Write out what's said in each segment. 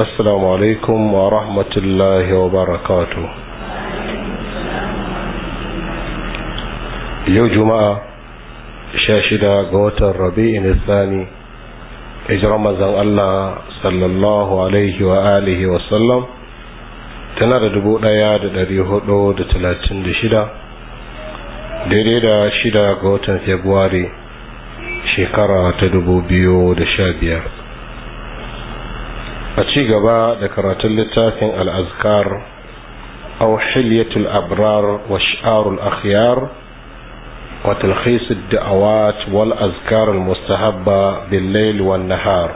السلام عليكم ورحمة الله وبركاته يوم جمعة شاشدة قوت الربيع الثاني إجرى مزان الله صلى الله عليه وآله وسلم tana da dubu ɗaya da ɗari hudu da talatin da shida daidai da shida ga watan februari shekara ta dubu biyu da sha biyar a ci gaba da karatun littafin al'azkar Aw hilyatul abrar wa sha'arul akhyar wa talhisul da'awat wal azkar mustahabba bil wan nahar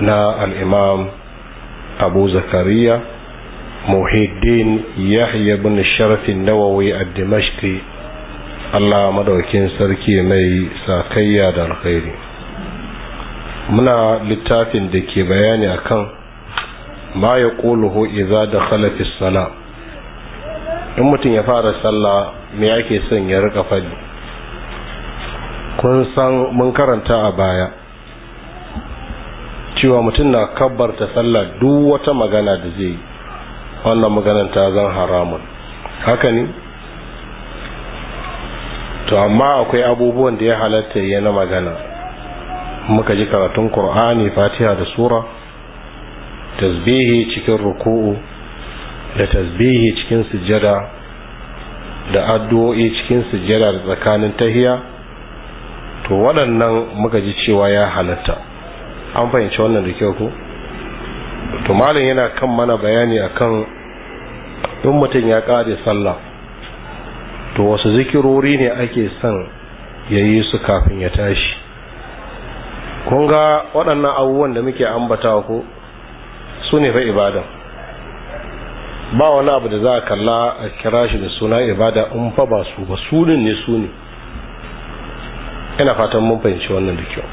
na al'imam abu zakariya muhiddin yahya bin sharafin nawawi a dimashki allah madaukin sarki mai sakayya da alkhairi muna littafin da ke bayani akan ma ya ƙuluhu iza da khalafis sala in mutum ya fara sallah me ake son ya rika fadi kun san mun karanta a baya cewa mutum na kabbarta sallah duk wata magana da zai yi wannan maganan ta zan haramun haka ne to amma akwai abubuwan da ya halatta ya na magana muka ji karatun qur'ani fatiha da sura tasbihi cikin ruku'u da tasbihi cikin sujjada da addu'o'i cikin sujjada da tsakanin tahiya to waɗannan muka ji cewa ya halatta an fahimci wannan da kyau ko to malam yana kan mana bayani akan in mutum ya ƙare sallah to wasu zikirori ne ake son ya yi su kafin ya tashi kun ga waɗannan abubuwan da muke ambata ku su ne fa ibada ba wani abu da za a kalla a kira shi da suna ibada in fa ba su ba su ne su ne ina fatan mun fahimci wannan da kyau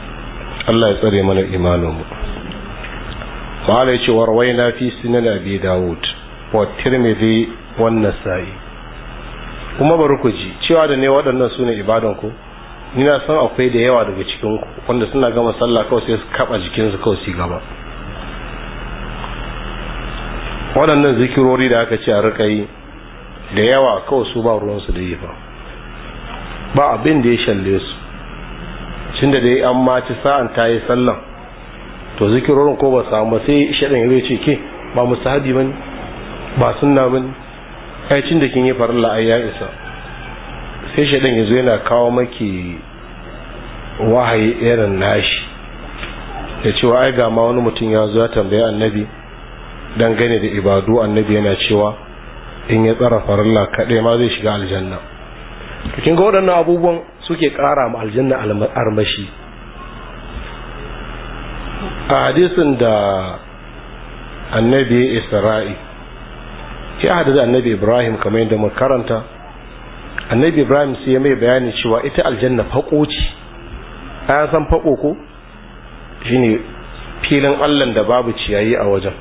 Allah ya tsare mana imanin mu ma'ala ya ce warwaina fi sunan abi dawud wa tirmidhi wannan nasa'i kuma bari ku ji cewa da ne waɗannan su ne ibadan ku ina san akwai da yawa daga cikin wanda suna gama sallah kawai sai su kaba jikinsu kawai su gaba waɗannan zikirori da aka ce a rika da yawa kawai su ba ruwansu da yi ba ba abin da ya shalle su cin da dai an maci sa'an ta yi sallan to zikirorin ko ba samu ba sai shaɗin ya ce ke ba musahabi ba ba sunna ba ne ai cin da kin yi farilla ai ya isa sai shaidan ya zo yana kawo maki wahayi irin nashi da cewa ai ga ma wani mutum ya zo ya tambayi annabi gane da ibadu annabi yana cewa in ya tsara farilla kaɗai ma zai shiga aljanna kin ga waɗannan abubuwan suke ƙara ma aljanna armashi a hadisin da annabi isra'i ya hada da annabi ibrahim kamar yadda makaranta. annabi ibrahim sai ya mai bayani cewa ita aljanna fako ce ya san fako ko shine filin allan da babu ciyayi a wajen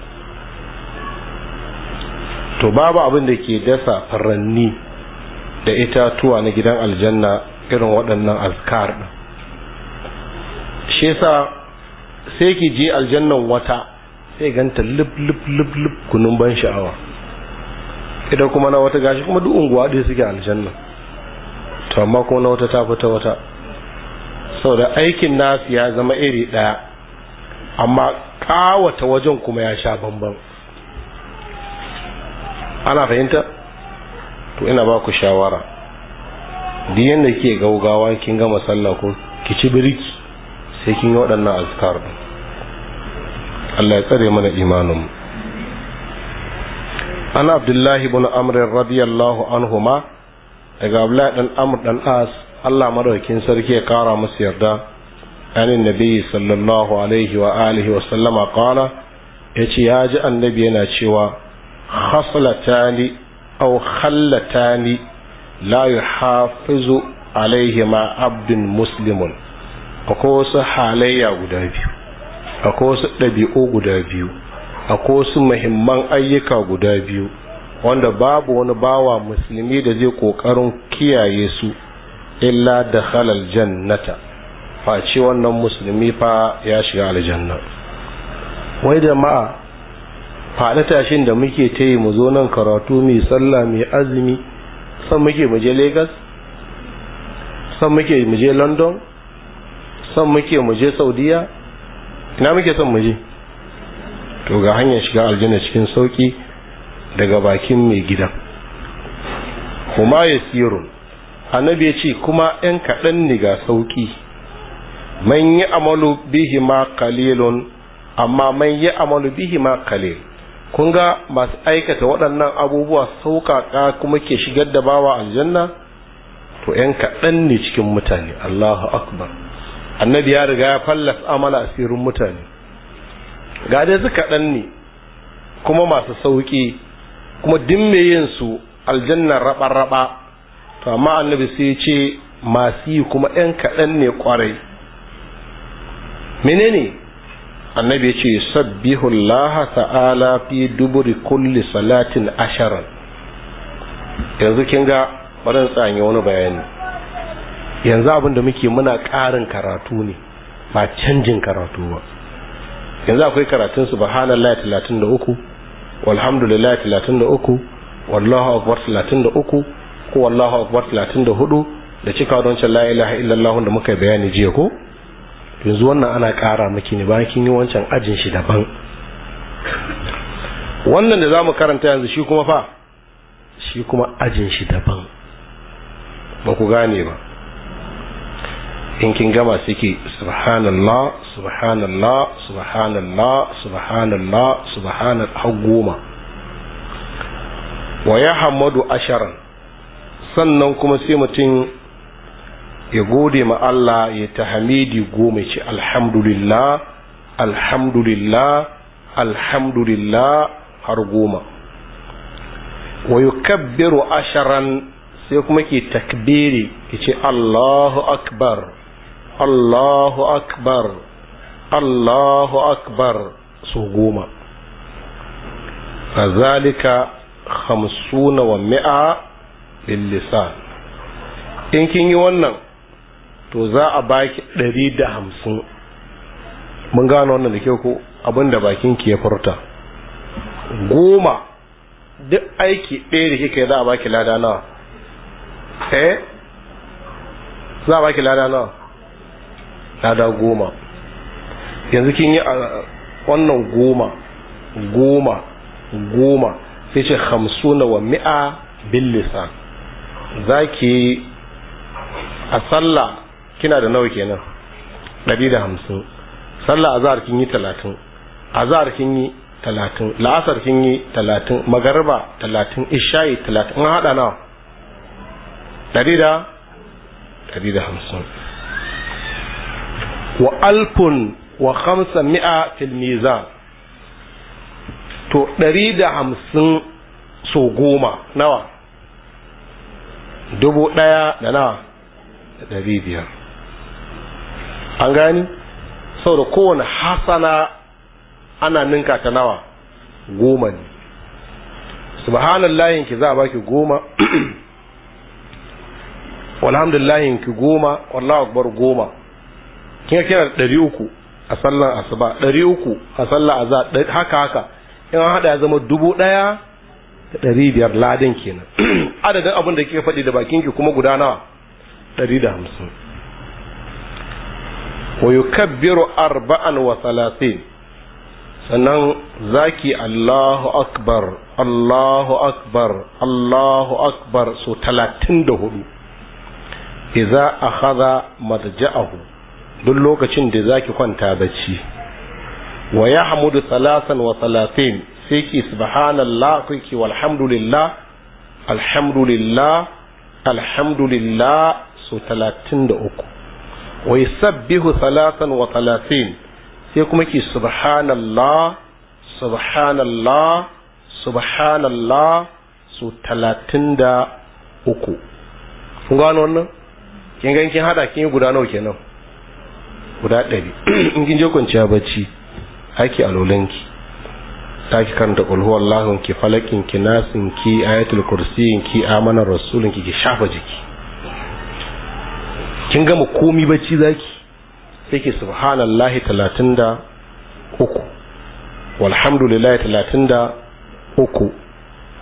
to babu abin da ke dasa faranni da itatuwa na gidan aljanna irin waɗannan alkar shi yasa sai ki je aljannan wata sai ganta lub lub lub lub kunun ban sha'awa idan kuma na wata gashi kuma duk unguwa ɗaya suke aljanna to amma ko na wata ta fita wata saboda aikin nasu ya zama iri ɗaya amma ƙawata wajen kuma ya sha bambam ana fahimta to ina ba ku shawara duk yadda ke gaugawa kin gama sallah ko ki ci biriki sai kin yi waɗannan azkar Allah ya tsare mana imanin mu an abdullahi bin amrin radiyallahu anhu ma. daga abdullahi dan amr dan as Allah madaukin sarki ya kara musu yarda anin nabi sallallahu alaihi wa alihi wa sallama Ya yace ya ji annabi yana cewa haslatani aw khallatani la yuhafizu alaihi ma abdun muslimun akwai wasu halayya guda biyu akwai wasu ɗabi'u guda biyu akwai wasu muhimman ayyuka guda biyu wanda babu wani bawa musulmi da zai kokarin kiyaye su illa da halal jannata face wannan musulmi fa ya shiga aljanna wai jama'a faɗi tashin da muke ta yi mu zo nan karatu mai sallah mai azumi san muke mu je lagos san muke mu je london san muke mu je saudiya ina muke san mu je to ga hanyar shiga aljanna cikin sauki daga bakin mai gidan kuma ya sirun annabi ya ce kuma ‘yan kaɗan ne ga sauƙi man yi amalu bihi ma kalilun amma man yi amalu bihi ma kalil kun ga masu aikata waɗannan abubuwa sauƙaƙa kuma ke shigar da bawa aljanna to ɗan kaɗan ne cikin mutane allahu akbar annabi ya riga ya fallas amala asirin mutane ga dai su kaɗan ne kuma masu sauƙi kuma duk me yin su aljanna raba raba to amma annabi sai ce masu yi kuma yan kaɗan ne kwarai menene annabi ya ce sabbihu Allah ta'ala fi duburi kulli salatin asharan yanzu kin ga bari tsanye wani bayani yanzu abin da muke muna ƙarin karatu ne ba canjin karatu ba yanzu akwai karatun da 33 walhamdulillah 33 wallahu akbar uku ko wallahu akbar talatin da hudu cika don can la ilaha illallah da muka bayani jiya ko yanzu wannan ana ƙara maki ne bayan kin yi wancan ajin shi daban wannan da zamu karanta yanzu shi kuma fa shi kuma ajin shi daban ba ku gane ba in kin gama suke subhanallah subhanallah subhanallah subhanallah subhanal har goma wa ya hamadu asharan sannan kuma sai mutum ya gode ma Allah ya ta hamidi goma ce alhamdulillah alhamdulillah alhamdulillah har goma wa yukabbiru asharan sai kuma ke takbiri Ya ce Allahu akbar Allahu akbar Allahu akbar su goma fazalika hamsuna wa mi'a lillisan in kin yi wannan to za a baki ɗari da hamsin mun gano wannan da kyau ko abin da bakin ki ya furta goma duk aiki ɗaya da kika yi za a baki lada nawa eh za a baki lada nawa lada goma yanzu kin yi a wannan goma goma goma sai ce hamsuna wa mi'a billisa za ki a sallah kina da nawa kenan ɗari da hamsin sallah azhar kin yi talatin azhar kin yi talatin la'asar kin yi talatin magarba talatin ishayi talatin an haɗa nawa ɗari da ɗari da hamsin wa alfun wa khamsa mi'a fil mizan to ɗari da hamsin so goma nawa dubu ɗaya da nawa da ɗari biyar an gani saboda kowane hasana ana ninka ta nawa goma ne subhanallahin ki za a baki goma walhamdulillahin ki goma wallahu akbar goma kin kira ɗari uku a sallar asuba ɗari uku a sallar aza haka haka in an haɗa ya zama dubu ɗaya da ɗari biyar ladin kenan adadin abin da kika faɗi da bakin ki kuma guda nawa ɗari da hamsin wa yukabbiru arba'an wa salatin sannan zaki Allahu akbar Allahu akbar Allahu akbar so talatin da hudu idza akhadha madja'ahu duk lokacin da zaki kwanta bacci wa hamdu salasan wa salatin sai ki subhanallah kai ki walhamdulillah alhamdulillah alhamdulillah so talatin da uku wa sabbihu salasan wa talatin sai kuma ki subhanallah subhanallah subhanallah so talatin da uku kun gano wannan kin ga kin hada kin yi guda nawa kenan guda ɗari in kin je kwanciya bacci aiki alolanki ta ki karanta ƙulhuwar wallahun ki falakin ki nasin ki ayatul kursiyin ki amana rasulun ki ki shafa jiki kin gama komi bacci zaki sai ki subhanallahi talatin da uku walhamdulillahi talatin da uku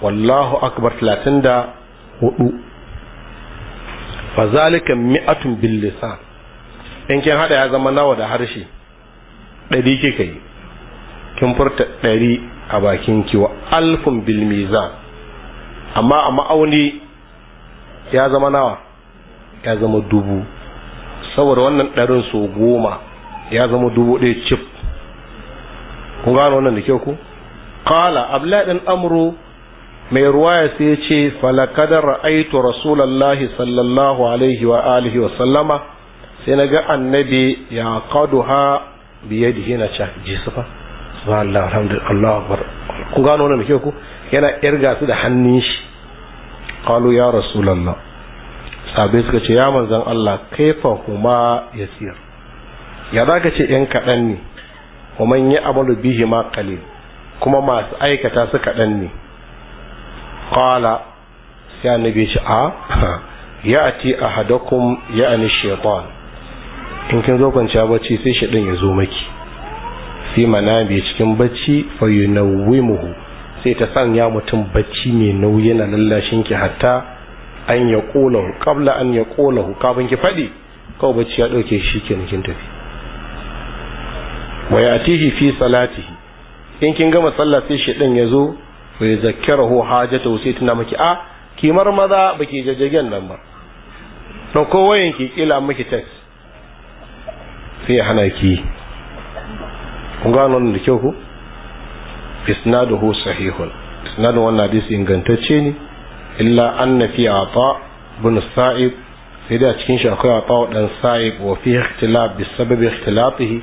wallahu akbar talatin da hudu fa zalika mi'atun bil lisan in kin hada ya zama nawa da harshe ɗari ka yi kin furta ɗari a bakin ki wa alfun bilmiza amma a ma'auni ya zama nawa ya zama dubu saboda wannan ɗarin so goma ya zama dubu ɗaya cif kun gano wannan da kyau ku qala abla ɗin amru mai ruwaya sai ce falakadar ra'aitu rasulallahi sallallahu alaihi wa alihi wa sallama sai na ga annabi ya qaduha bi yadihi na cha ji sufa subhanallah alhamdulillah akbar ku gano wannan ke ku yana irga su da hannun shi qalu ya rasulullah sabai suka ce ya manzon Allah kaifa kuma yasir ya zaka ce yan kadan ne kuma yi amalu bihi ma qalil kuma masu aikata su kadan ne qala sai annabi ya ce a ati ahadakum ani shaytan in kin zo kwanciya bacci sai shaɗin ya zo maki fi manami cikin bacci fa yunawwimuhu sai ta sanya mutum bacci mai nauyi na lallashin ki hatta an ya kolahu kabla an ya kolahu kafin ki faɗi kawai bacci ya ɗauke shi kenan kin tafi wa yatihi fi salatihi in kin gama sallah sai shaɗin ya zo fa yuzakkirahu hajatahu sai tuna maki a ah, kimar maza baki jajjagen nan ba ɗauko wayanki kila miki text sai ya hana ki kun ga wannan da kyau ku isnaduhu sahihun isnadun wannan hadisi ingantacce ne illa anna fi ata bin sa'ib sai da cikin shi akwai ata dan sa'ib wa fi ikhtilaf bi sababi ikhtilafihi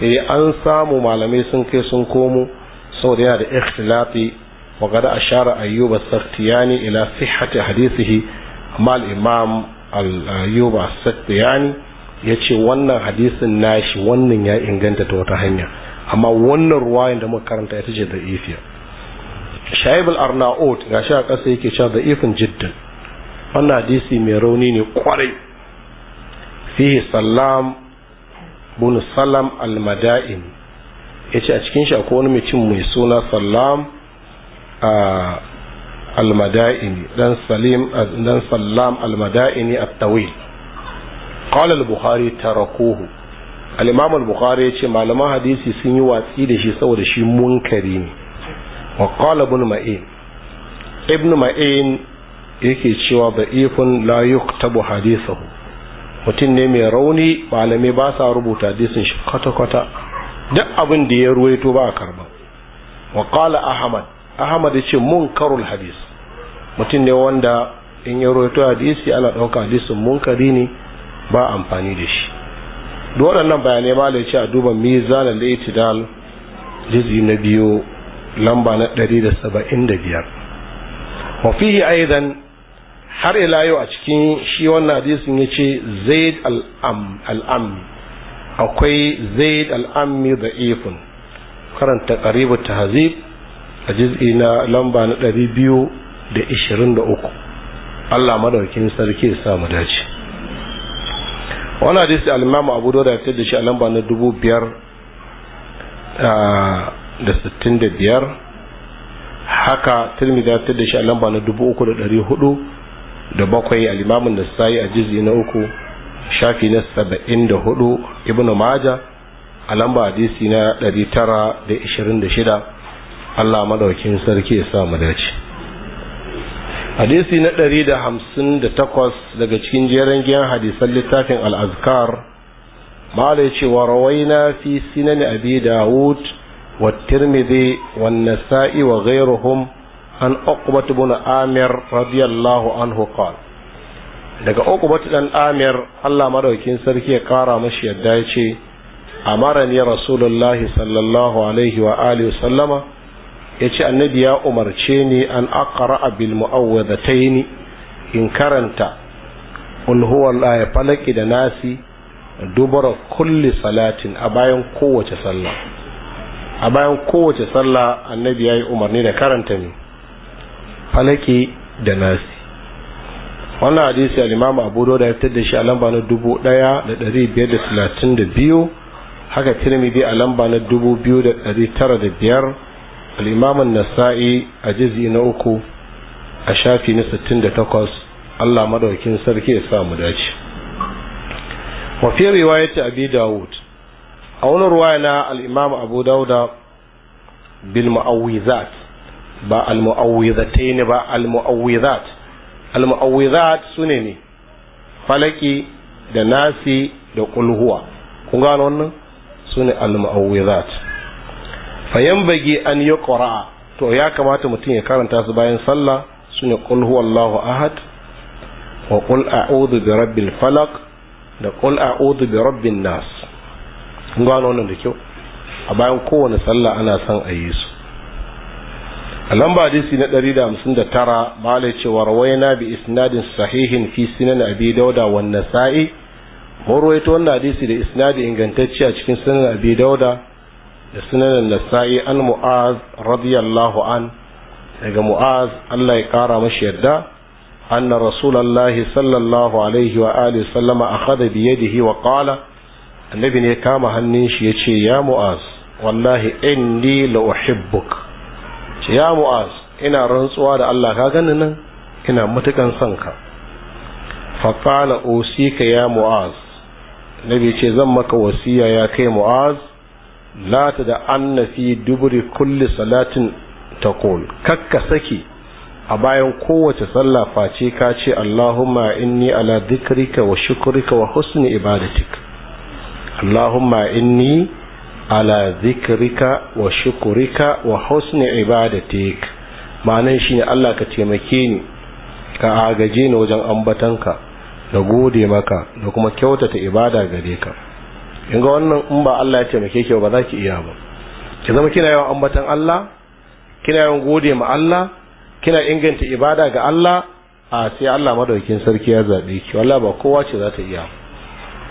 sai eh, an samu malamai sun kai sun komo saboda yana da ikhtilafi wa gada ashara ayyuba as-sakhtiyani ila sihhati hadisihi amma al-imam al-ayyuba as ya ce wannan hadisin nashi wannan ya inganta ta wata hanya amma wannan ruwayan da muka karanta ita ce da ifiya shaib al-arnaut shi a ƙasa yake cewa da ifin jiddan wannan hadisi mai rauni ne kwarai fihi salam bin salam al-mada'in ce a cikin shi akwai wani mutum mai suna salam al madain dan salam al at-tawil qala al-bukhari tarakuhu al-imam al-bukhari yace malaman hadisi sun yi watsi da shi saboda shi munkari ne wa qala ibn yake cewa da'ifun layuk yuktabu hadisahu mutum ne mai rauni malamai ba sa rubuta hadisin shi kwata-kwata duk abin da ya ruwaito ba a karba wa qala ahmad ahmad yace munkarul hadis mutum ne wanda in ya ruwaito hadisi ana ɗauka hadisin munkari ne ba amfani da shi duk waɗannan bayanai ma ce a duba mizanin da itidal jizi na biyu lamba na ɗari da saba'in da biyar mafihi aizan har ila yau a cikin shi wannan hadisin ya ce zaid al'ammi akwai zaid al'ammi da ifin karanta karibu tahzib a jiz'i na lamba na ɗari biyu da ishirin da uku allah madaukin sarki ya samu dace wani hadisi al-imam abu da ya da shi a lamba na dubu biyar ah, da sittin da biyar haka da ya da shi a lamba na dubu uku da dari hudu da bakwai al da nasai a jizi na uku shafi na saba'in da hudu ibn maja a lamba hadisi na dari tara da ishirin da shida allah madaukin sarki ya sa mu dace hadisi na ɗari da hamsin da takwas daga cikin jeren giyan hadisan littafin al'azkar ma'ala ya ce wa rawaina fi sinani abi dawud wa tirmidhi wa nasa'i wa ghairuhum an uqbat ibn amir radiyallahu anhu daga uqbat ɗan amir Allah madaukin sarki ya kara mashi yadda ya ce amarani rasulullahi sallallahu alaihi wa alihi wa sallama Ya ce annabi ya umarce ni an a bil ni in karanta qul huwa falaki da nasi dubara kulli salatin a bayan kowace sallah a bayan kowace sallah annabi ya yi umarni da karanta ne falaki da nasi wannan hadisi al limama abu da ya fitar da shi a lamba na dubu daya da dari biyar da talatin da biyu haka tirmidhi a lamba na dubu biyu da dari tara da biyar al'imamun nasa'i a jizi na uku a shafi na takwas allah maɗaukin sarki ya samu dace wafi riwayata bi dawud a wani ruwaya na al'imam abu dauda bil mu'awwizat ba al mu'awwizatai ne ba al mu'awwizat al mu'awwizat su ne ne falaki da nasi da kulhuwa kun gano wannan su ne al fayanbage an yi ƙura'a to ya kamata mutum ya karanta su bayan sallah su ne ƙul huwallahu ahad wa ƙul a'udhu bi rabbil falaq da ƙul a'udhu bi rabbin nas kun gano wannan da kyau a bayan kowane sallah ana son a su a lamba hadisi na 159 malai cewa rawaina bi isnadin sahihin fi sunan abi dauda wan nasa'i mun rawaito wannan hadisi da isnadi ingantacce a cikin sunan abi dauda da sunanan nasa'i an mu'az radiyallahu an daga mu'az Allah ya kara mashi yadda anna rasulallahi sallallahu alaihi wa alihi sallama akhadha bi yadihi wa qala annabi ne kama hannun shi yace ya mu'az wallahi inni la uhibbuk ya mu'az ina rantsuwa da Allah ka gani nan ina matukan son ka fa qala usika ya mu'az nabi ce zan maka wasiya ya kai mu'az Lata da anna fi duburi kulli salatin taqul kakka saki a bayan kowace sallah face ka ce Allahumma inni ala dhikrika wa shukrika wa husni ibadatik Allahumma inni ala dhikrika wa shukrika wa husni ibadatik ma'anan shine Allah ka taimake ni ka agaje ni wajen ambatanka da gode maka da kuma kyautata ibada gare ka kin ga wannan in ba Allah ya taimake ki ba za ki iya ba ki zama kina yawan ambatan Allah kina yawan gode ma Allah kina inganta ibada ga Allah a sai Allah madaukin sarki ya zabe ki wallahi ba kowa ce za ta iya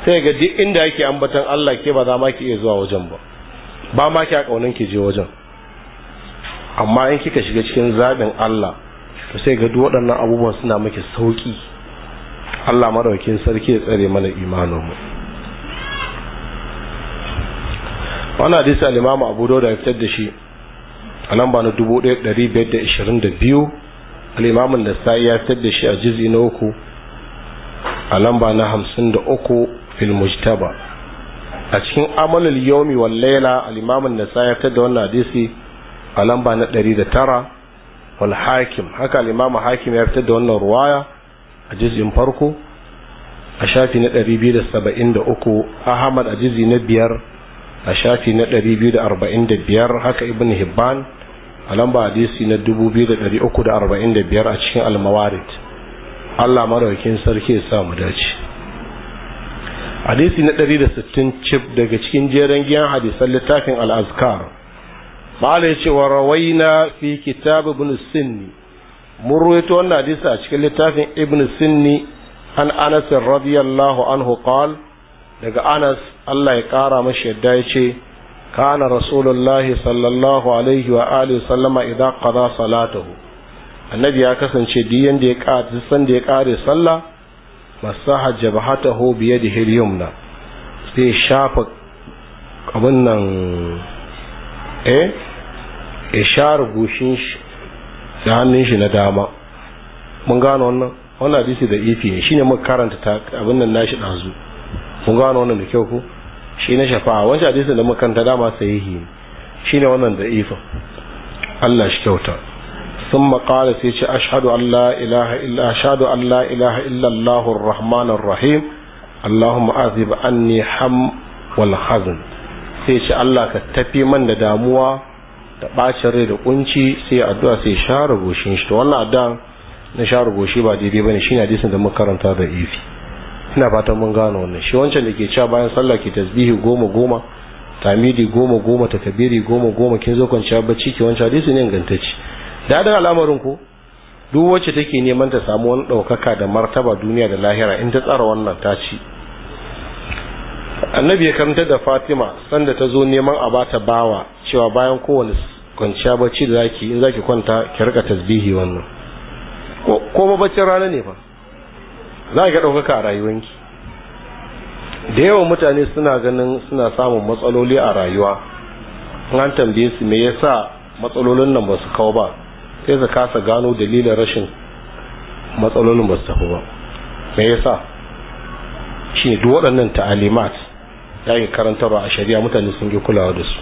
sai ga duk inda yake ambatan Allah ke ba za ma ki iya zuwa wajen ba ba ma ki a kaunan ki je wajen amma in kika shiga cikin zabin Allah to sai ga duk waɗannan abubuwan suna miki sauki Allah madaukin sarki ya tsare mana imanin mu wani hadisi al-imamu abu dauda ya fitar da shi a nan ba na 1522 al-imamu nasa'i ya fitar da shi a jizi na uku a lamba na 53 fil mujtaba a cikin amalul yawmi wal layla al-imamu nasa'i ya fitar da wannan hadisi a lamba na 109 wal hakim haka al-imamu hakim ya fitar da wannan ruwaya a jizin farko a shafi na 273 ahmad a jizi na biyar a shafi na 245 haka ibn hibban a lamba hadisi na 2345 a cikin almawarit Allah maraukin sarki ya samu dace hadisi na 160 cif daga cikin jeren giyan hadisan littafin al'azkar ma'ala ya ce wa rawaina fi kitab ibn sinni mun ruwaito wannan hadisi a cikin littafin ibn sinni an anas radiyallahu anhu qal daga anas Allah ya ƙara mashi yadda ya ce kana rasulullah sallallahu alaihi wa alihi wa sallama idza qada salatuhu annabi ya kasance duk yanda ya ƙara san da ya ƙare sallah masaha jabhatahu bi yadihi al-yumna sai shafa abin nan eh ya share gushin shi da hannun shi na dama mun gano wannan wannan hadisi da ifi ne shine muka karanta abin nan nashi dazu mun gano wannan da kyau ko shi na shafa'a wani hadisin da makanta dama sai yi shi ne wannan da ifa Allah shi kyauta sun maƙala sai ce ashadu Allah ilaha illa ashadu Allah ilaha illa Allahun Rahmanun Rahim Allahun ma'azi ba an ne ham wal hazin sai ce Allah ka tafi man da damuwa da ɓacin rai da kunci sai addu'a sai sha goshin shi to wannan addu'a na sha goshi ba daidai ba ne shi ne hadisin da makaranta karanta da ifi ina fatan mun gano wannan shi wancan da ke cewa bayan sallah ke tasbihi goma goma tamidi goma goma takabiri goma goma kin zo kwanciya bacci ke wancan hadisi ne ingantacce da da al'amarin ku duk wacce take neman ta samu wani ɗaukaka da martaba duniya da lahira in ta tsara wannan ta ci annabi ya karanta da fatima sanda ta zo neman a bata bawa cewa bayan kowane kwanciya bacci da zaki in zaki kwanta ki rika tasbihi wannan ko baccin rana ne fa za ga ɗaukaka a rayuwanki da yawan mutane suna ganin suna samun matsaloli a rayuwa an tambaye su me yasa matsalolin nan ba su kawo ba sai su kasa gano dalilin rashin matsalolin ba su tafi ba me yasa shi duk waɗannan ta'alimat da ake karantarwa a shari'a mutane sun ki kulawa da su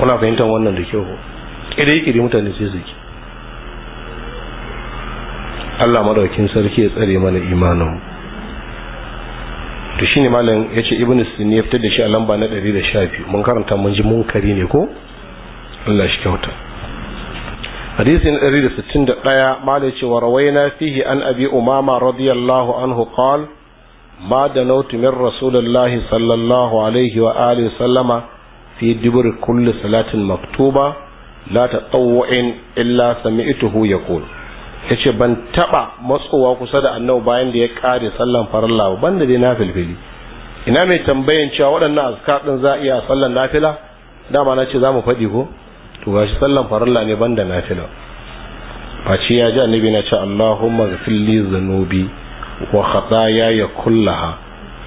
kuna fahimtar wannan da kyau ko ƙidai kire mutane sai su ki Allah madaukin sarki ya tsare mana imanin to shine malam yace ibn sunni ya fitar da shi a lamba na 112 mun karanta mun ji munkari ne ko Allah shi kyauta hadisi na 161 malam yace wa rawaina fihi an abi umama radiyallahu anhu qala ما دنوت من رسول الله صلى الله عليه وآله وسلم في دبر كل صلاة مكتوبة لا تطوع إلا سمعته يقول ya ce ban taɓa matsowa kusa da annabi bayan da ya ƙare sallan farilla ba da dai na filfili ina mai tambayan cewa waɗannan azkar ɗin za a iya sallan nafila dama na ce za mu faɗi ko to shi sallan farilla ne banda nafila face ya ji annabi na ce Allahumma ghfirli zanubi wa khataaya kullaha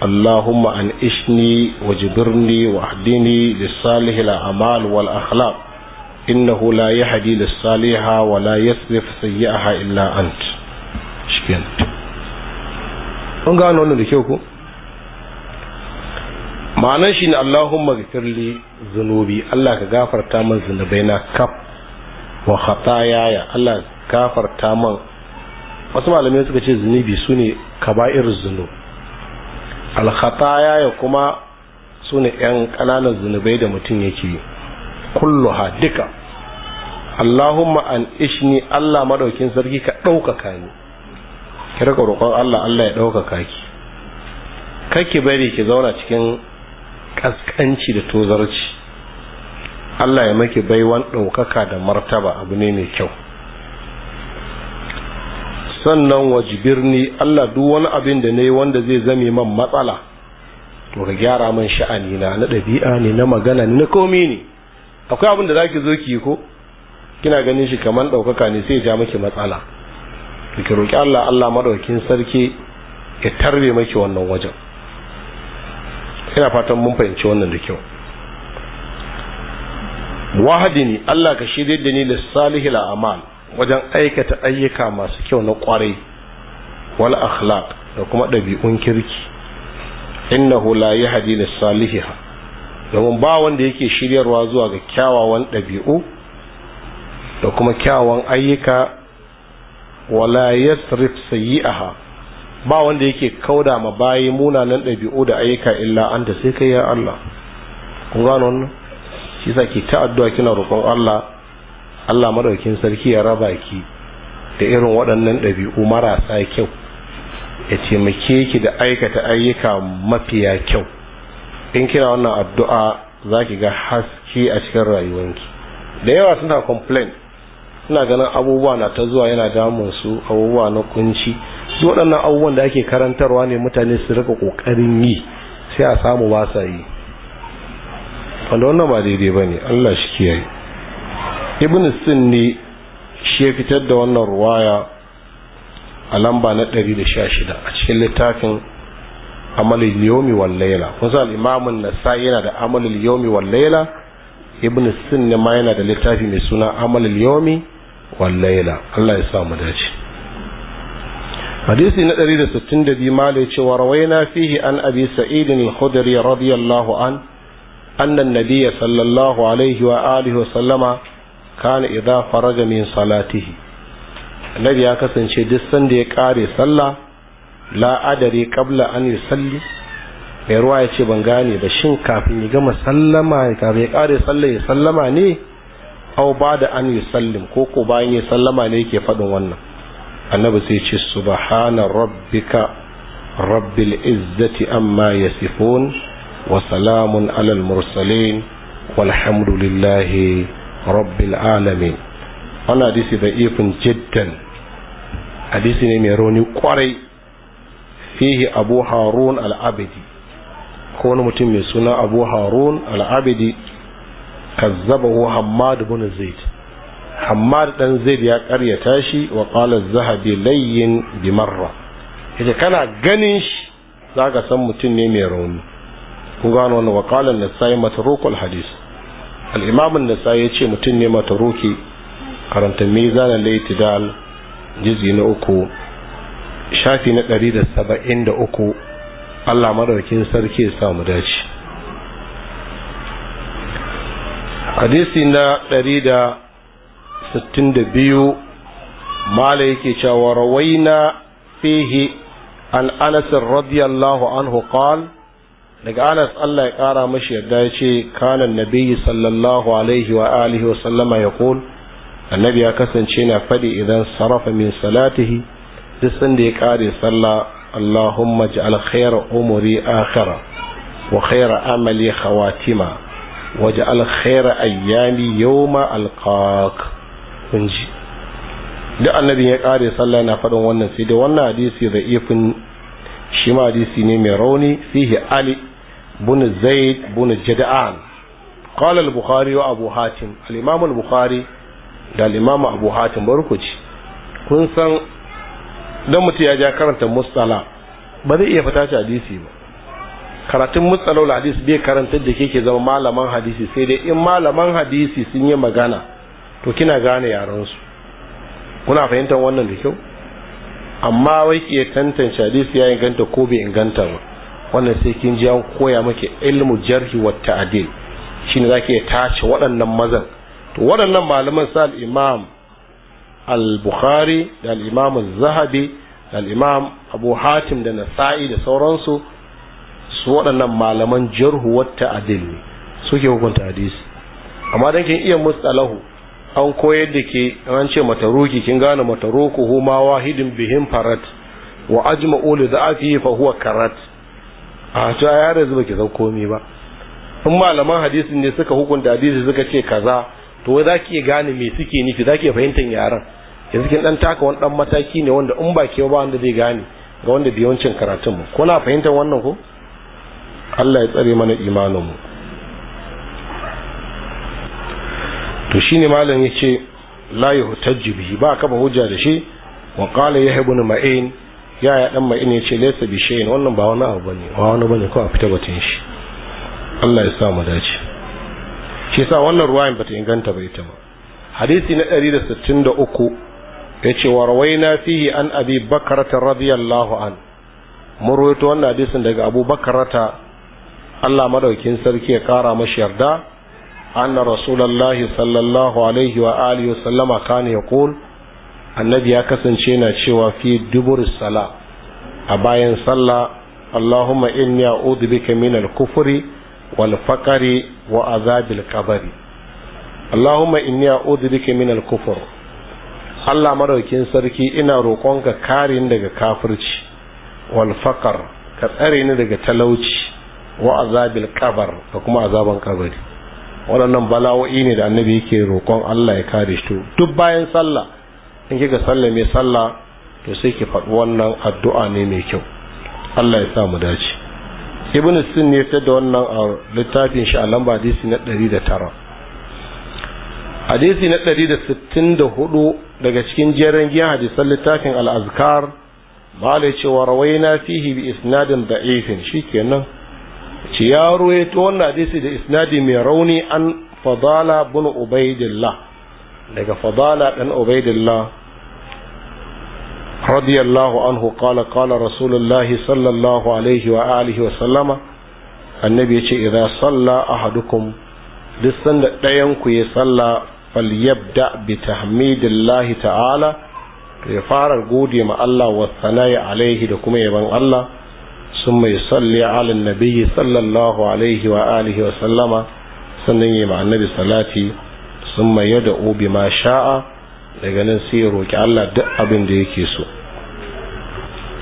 Allahumma an ishni wa jibirni wa ahdini lis salihil a'mal wal akhlaq إنه لا yahdi للصالحة saliha wa سيئها إلا أنت illa ant أنه لكيوكو gano wannan da kyau لي ma'anar shi ne Allahumma gafirli كف Allah ka gafarta min wasu malamai suka ce zunubi ne kaba'ir zunub alkhataya ya kuma su ne yan ƙananan zunubai da mutum yake yi kulluha duka Allahumma an ishni Allah madaukin sarki ka ɗaukaka ni ki rika roƙon Allah Allah ya ɗaukaka ki ki bari ki zauna cikin ƙasƙanci da tozarci Allah ya maki baiwan ɗaukaka da martaba abu ne mai kyau sannan wajibirni Allah duk wani abin da yi wanda zai zame man matsala to ka gyara man sha'ani na na ɗabi'a ne na magana ne na komi ne akwai abin da za ki zo ki yi ko kina ganin shi kamar ɗaukaka ne sai ya ja miki matsala ki roki Allah Allah maɗaukin sarki ya tarbe miki wannan wajen ina fatan mun fahimci wannan da kyau wahadini Allah ka shirye da ni da salihil amal wajen aikata ayyuka masu kyau na kwarai wal akhlaq da kuma ɗabi'un kirki innahu la yahdi lis salihiha domin ba wanda yake shiryarwa zuwa ga kyawawan ɗabi'u da kuma kyawawan ayyuka wala yasrif sayyi'aha ba wanda yake kauda ma bayi munanan ɗabi'u da ayyuka illa anta sai kai ya Allah kun gano wannan shi yasa ki ta addu'a kina roƙon Allah Allah madaukin sarki ya raba ki da irin waɗannan ɗabi'u marasa kyau ya taimake ki da aikata ayyuka mafiya kyau in kina wannan addu'a za ki ga haske a cikin rayuwanki da yawa suna complain suna ganin abubuwa na ta zuwa yana damun su abubuwa na kunci su waɗannan abubuwan da ake karantarwa ne mutane su rika ƙoƙarin yi sai a samu ba sa yi wanda wannan ba daidai ba ne allah shi kiyaye ibn sin ne shi ya fitar da wannan ruwaya a lamba na 116 a cikin littafin amalil yomi wal layla kun san al-imam nasai yana da amalil yomi wal layla ibn sinna ma yana da littafi mai suna amalil yomi wal layla Allah ya sa mu dace hadisi na 162 malai cewa rawaina fihi an abi sa'id al-khudri radiyallahu an أن النبي صلى الله عليه وآله وسلم كان إذا فرج من صلاته النبي kasance duk sanda ya kare Sallah. la adari qabla an yusalli mai ruwa ya ce ban gane ba shin kafin ya gama sallama kafin ya kare sallah ya sallama ne au ba da an yusallim ko ko bayan ya sallama ne yake faɗin wannan annabi sai ce subhana rabbika rabbil izzati amma yasifun wa salamun alal mursalin walhamdulillahi rabbil alamin wannan hadisi da ifin jiddan hadisi ne mai rauni kwarai fihi abu harun al'abidi ko wani mutum mai suna abu harun al'abidi kazzabahu hammad bin zaid hammad dan zaid ya karyata shi wa qala zahabi layyin bi marra yace kana ganin shi zaka san mutum ne mai rauni kun ga wannan wa qala an-nasai matrukul hadis al-imam an-nasai yace mutum ne matruki karanta mizan al-itidal jizi na uku shafi na ɗari da saba'in da uku allah madaukin sarki ya samu dace hadisi na ɗari da sittin da biyu mala yake cewa rawaina fihi an anas radiyallahu anhu qala daga anas allah ya ƙara mashi yadda ya ce kanan nabiyyi sallallahu alaihi wa alihi wa sallama ya kul annabi ya kasance na faɗi idan sarafa min salatihi duk sanda ya kare sallah Allahumma ja'al khayra umuri akhira wa khayra amali khawatima wa ja'al khayra ayyami yawma alqaq kunji duk annabi ya kare sallah na fadin wannan sai da wannan hadisi da ifin shi ma hadisi ne mai rauni fihi ali bin zaid bin jada'an qala al-bukhari wa abu hatim al-imam al-bukhari da al-imam abu hatim barkuci kun san don mutum ya ja karanta mustala ba zai iya fita shi hadisi ba karatun mustalol hadisi bai karantar da ke zama malaman hadisi sai dai in malaman hadisi sun yi magana to kina gane su kuna fahimtar wannan da kyau amma wai ke tantance hadisi ya inganta ko bai inganta ba wannan sai kin ji an koya maki ilmu jarhi wa ta'dil shine zaki ya tace waɗannan mazan to waɗannan malaman sal imam al-bukhari da al-imam zahabi da al-imam abu hatim da nasa'i da sauransu su waɗannan malaman jarhu wata adil ne suke hukunta hadisi amma dan kin iya mustalahu an koyar da ke an ce mataruki kin gane mataruku huma wahidin bihim farat wa ajma'u li da'afi fa huwa karat a to ya da zuba ki san komai ba in malaman hadisi ne suka hukunta hadisi suka ce kaza to wai zaki iya gane me suke nufi zaki fahimtar yaran yanzu kin dan taka wani dan mataki ne wanda in ba ke ba wanda zai gane ga wanda bai yawancin karatun mu na fahimtar wannan ko Allah ya tsare mana imanin mu to shine malam yace la yuhtajju bihi ba ka ba hujja da shi wa qala yahya ibn ma'in ya ya dan ma'in yace laysa bi shay'in wannan ba wani abu bane ba wani bane ko a fita batun shi Allah ya sa mu dace shi yasa wannan ruwayan bata inganta ba ita ba hadisi na 163 yace wa rawaina fihi an abi bakrata radiyallahu an mun rawaito wannan hadisin daga abu bakrata Allah madaukin sarki ya kara mashi yarda anna rasulullahi sallallahu alaihi wa alihi wa sallama kana yaqul annabi ya kasance na cewa fi dubur sala a bayan sallah allahumma inni a'udhu bika min al-kufri wal faqri wa azabil qabri allahumma inni a'udhu bika min al-kufri Allah maraukin sarki ina roƙonka kare ni daga kafirci wal faqar ka tsare ni daga talauci wa azabil qabr da kuma azaban kabari waɗannan bala'o'i ne da annabi yake roƙon Allah ya kare shi to duk bayan sallah in kika mai sallah to sai ki faɗi wannan addu'a ne mai kyau Allah ya sa mu dace ibn sin ne ta da wannan a littafin shi a lamba hadisi na 109 hadisi na 164 daga cikin jerin giyan hadisan littafin al'azkar ba da cewa rawaina fihi bi isnadin ke nan. ci ya ruwaito wannan hadisi da isnadi mai rauni an fadala bin ubaidillah daga fadala dan ubaidillah radiyallahu anhu qala qala rasulullahi sallallahu alaihi wa alihi wa sallama annabi ya ce idan salla ahadukum duk sanda ɗayan ku ya salla falyabda bi tahmidillahi ta'ala to ya fara gode ma Allah wa sana'i alaihi da kuma yaban Allah sun mai salli ala nabiyyi sallallahu alaihi wa alihi wa sallama sannan ya ma annabi salati sun mai yada obi ma sha'a daga nan sai ya roki Allah duk abin da yake so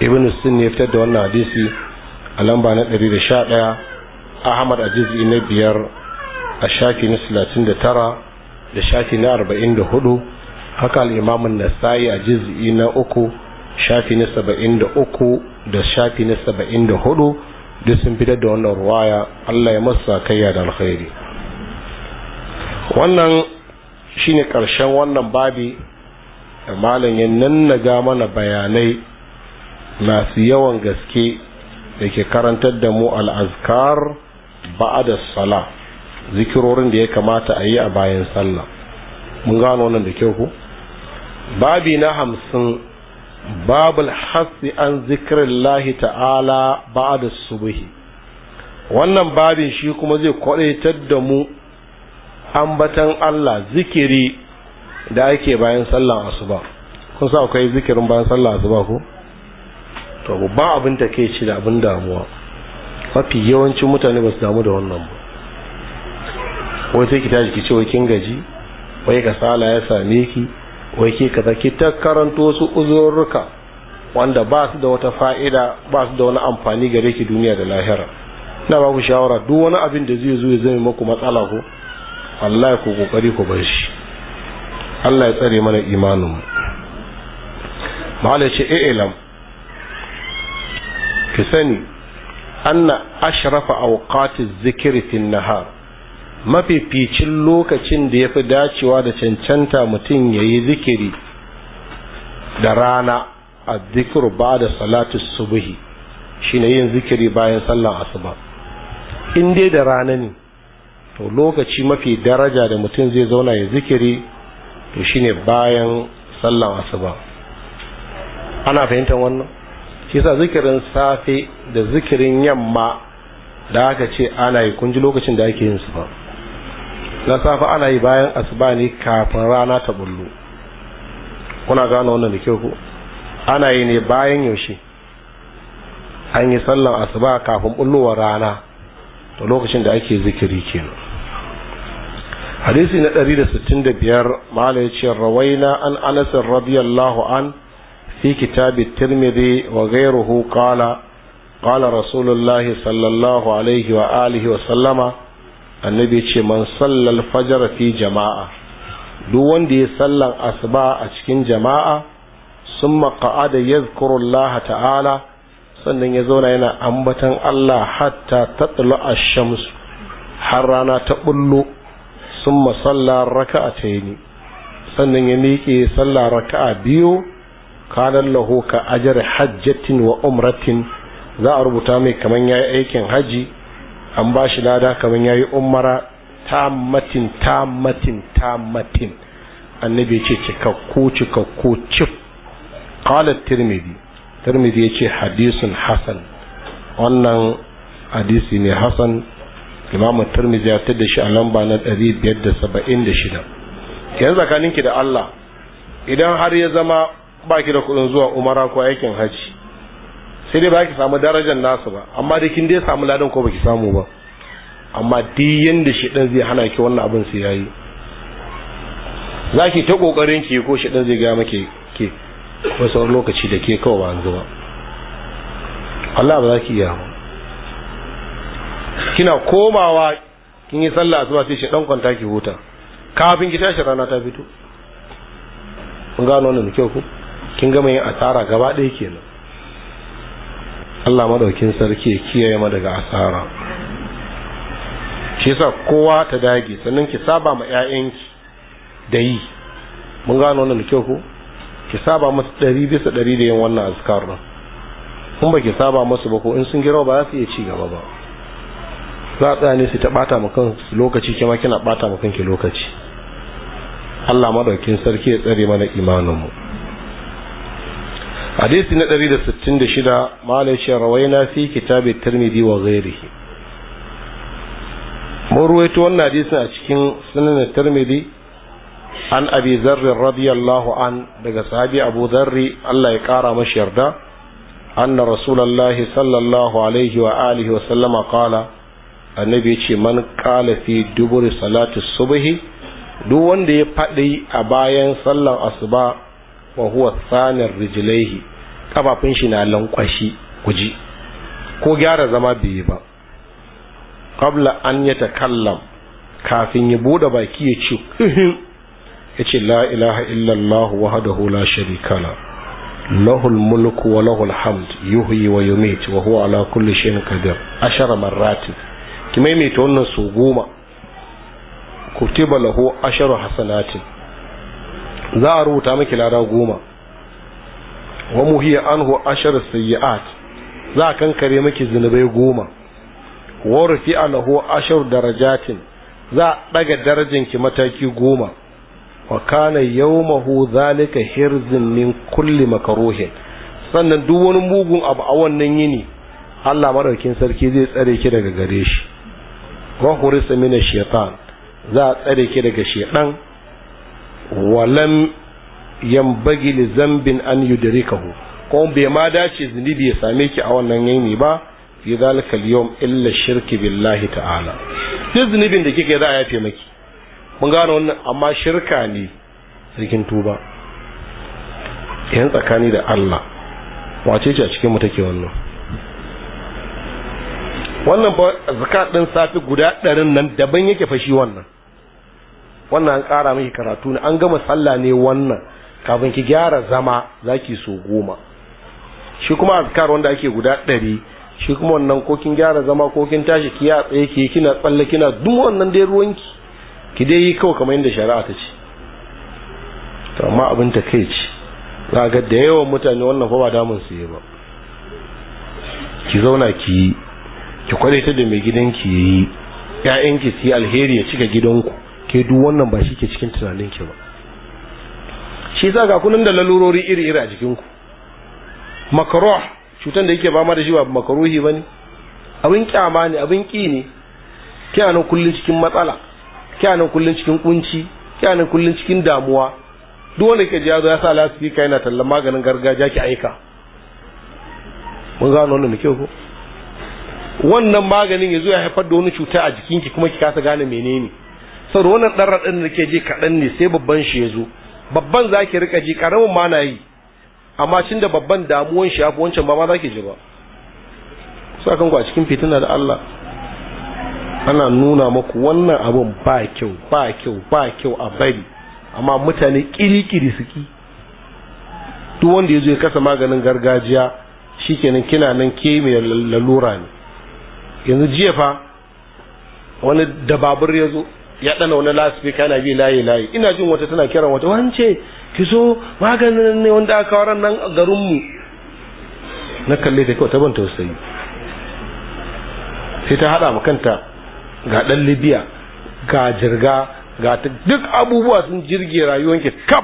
ibn sun ya fitar da wannan hadisi a lamba na 111 ahmad a juz'i na biyar a shafi na 39 da shafi na arba'in da hudu haka al'imamun sayi a jiz'i na uku shafi na saba'in da uku da shafi na saba'in da hudu duk sun fitar da wannan ruwaya allah ya masa kayya da alkhairi wannan shine ƙarshen wannan babi da malam ya nannaga mana bayanai masu yawan gaske da ke karantar da mu al'azkar da sala zikirorin da ya kamata a yi a bayan sallah mun gano wannan da kyau ku babi na hamsin babul hasi an zikirin lahi ta'ala ba'da subuhi wannan babin shi kuma zai kwadaitar da mu ambatan Allah zikiri da ake bayan sallah asuba kun sa akwai zikirin bayan sallah asuba ko to ba abin da ke ci da abin damuwa mafi yawancin mutane ba su damu da wannan ba wai sai ki tashi ki ce wai kin gaji wai kasala ya same ki wai ki kaza ki ta karanto wasu uzurruka wanda ba su da wata fa'ida ba su da wani amfani gare ki duniya da lahira ina ba ku shawara duk wani abin da zai zo ya zame muku matsala ko wallahi ku kokari ku bar shi Allah ya tsare mana imanin mu ma'ala e i'lam ki sani anna ashrafa awqatiz zikri fi nahar mafificin lokacin da ya fi dacewa da cancanta mutum ya yi zikiri da rana a zikiru ba da salatu subuhi shine yin zikiri bayan sallan asuba in dai da rana ne to lokaci mafi daraja da mutum zai zauna ya zikiri to shine bayan sallan asuba ana fahimtar wannan shi sa zikirin safe da zikirin yamma da aka ce ana yi kun lokacin da ake yin su ba na safa ana yi bayan asuba ne kafin rana ta bullo kuna gane wannan da kyau ku ana yi ne bayan yaushe an yi sallar asuba kafin bullowar rana ta lokacin da ake zikiri kenan hadisi na 165 mala ya ce rawaina an anas radiyallahu an fi kitabi tirmidhi wa gairuhu kala qala rasulullahi sallallahu alaihi wa alihi wa sallama annabi ce man sallal fajar fi jama'a duk wanda ya sallan asuba a cikin jama'a sun maƙa'ada ya Allah ta'ala sannan ya zauna yana ambatan Allah hatta ta tsalo a shamsu har rana ta ɓullo sun masalla raka a taini sannan ya miƙe salla raka a biyu kanan lahu ka ajar hajjatin wa umratin za a rubuta mai kamar ya aikin hajji. an ba shi lada kamar ya yi umara tamatin tamatin tamatin annabi ce cikakku cikakku cif Turmidi tirmidhi tirmidhi ce hadisun hasan wannan hadisi ne hasan imam tirmidhi ya da shi a lamba na 576 yanzu tsakaninki da Allah idan har ya zama baki da kudin zuwa umara ko aikin haji sai dai ba ki samu darajar nasu ba amma dai kin dai samu ladan ko baki samu ba amma duk yanda shi dan zai hana ki wannan abin sai yayi zaki ta kokarin ki ko shi dan zai ga maki ke ko sauran lokaci da ke kawai ba an zuwa Allah ba zaki iya kina komawa kin yi sallah asuba sai shi dan kwanta ki huta kafin ki tashi rana ta fito kun gano wannan kyau ku. kin gama yin asara gaba ɗaya kenan Allah madaukin sarki ya kiyaye mu daga asara shi yasa kowa ta dage sannan ki saba ma ƴaƴanki da yi mun gano wannan da kyau ko ki saba musu ɗari bisa ɗari da yin wannan azkar ɗin kun ba ki saba musu ba ko in sun girma ba za su iya ci gaba ba za a tsaya ne su ta bata ma kansu lokaci kima kina bata ma kanki lokaci Allah madaukin sarki ya tsare mana imanin mu hadisi na 166 malai ce rawaina fi kitabi tirmidhi wa ghairihi mun ruwaito wannan hadisin a cikin sunan tirmidhi an abi zarri radiyallahu an daga sahabi abu zarri Allah ya kara mashi yarda anna rasulullahi sallallahu alaihi wa alihi wa sallama qala annabi ce man qala fi duburi salati subhi duk wanda ya faɗi a bayan sallar asuba wa huwa sanar rijilaihi kafafun shi na lankwashi kuji ko gyara zama bai ba qabla an ya takallam kafin ya bude baki ya ce ya ce la ilaha illallah wahdahu la sharika la lahul mulku wa lahul hamd yuhyi wa yumit wa huwa ala kulli shay'in qadir ashara marrat ki maimaita wannan su goma kutiba lahu asharu hasanatin za a rubuta maki lada goma wa muhiya anhu ashar sayi'at za a kankare maki zunubai goma wa rufi lahu ashar darajatin za a daga ki mataki goma wa kana yawmahu zalika hirzin min kulli makaruhin sannan duk wani mugun abu a wannan yini Allah madaukin sarki zai tsare ki daga gare shi wa hurisa min shaitan za a tsare ki daga shaitan walam bagi li zambin an hu ko bai ma dace zunubi ya same ki a wannan yini ba fi zalika al-yawm illa shirki billahi ta'ala duk zunubin da kike za a yafe maki mun gano wannan amma shirka ne cikin tuba yan tsakani da Allah wace ce a cikin mu take wannan wannan ba zakat safi guda ɗarin nan daban yake fashi wannan wannan an ƙara miki karatu ne an gama sallah ne wannan kafin ki gyara zama za ki so goma shi kuma azkar wanda ake guda ɗari shi kuma wannan ko kin gyara zama ko kin tashi ki ya tsaye ki kina tsalle kina duk wannan dai ruwanki ki dai yi kawai kamar yadda shari'a ta ce to amma abin ta kai ce za ga da yawan mutane wannan fa ba damun su yi ba ki zauna ki yi ki kwadaita da mai gidanki ya yi 'ya'yanki su yi alheri ya cika gidanku ke duk wannan ba shi ke cikin tunanin ki ba shi yasa ga kunan da lalurori iri iri a jikinku ku cutar cutan da yake ba ma da shi ba makaruhi ne abin kyama ne abin ki ne kina nan kullun cikin matsala kina nan kullun cikin kunci kina nan kullun cikin damuwa duk wanda ke jiya ya sa lasifika yana tallan maganin gargajiya ki aika mun gano wannan da ko wannan maganin ya zo ya haifar da wani cuta a jikinki kuma ki kasa gane menene saboda wannan dan radin da ke ji kaɗan ne sai babban shi ya zo babban za ki rika ji karamin ma na yi amma cin da babban damuwan shi abu wancan ba ma za ki ji ba sa kan ku a cikin fitina da Allah ana nuna maku wannan abun ba kyau ba kyau ba kyau a bari amma mutane kirikiri suki duk wanda ya zo ya kasa maganin gargajiya shikenan kina nan ke mai lalura ne yanzu jiya fa wani dababur ya zo ya dana wani lasifika na bi layi layi ina jin wata tana kiran wata wance ki zo maganin ne wanda aka waran nan a mu. na kalle ta kawai ta ban tausayi sai ta hada kanta ga dan libya ga jirga ga duk abubuwa sun jirge rayuwanki kaf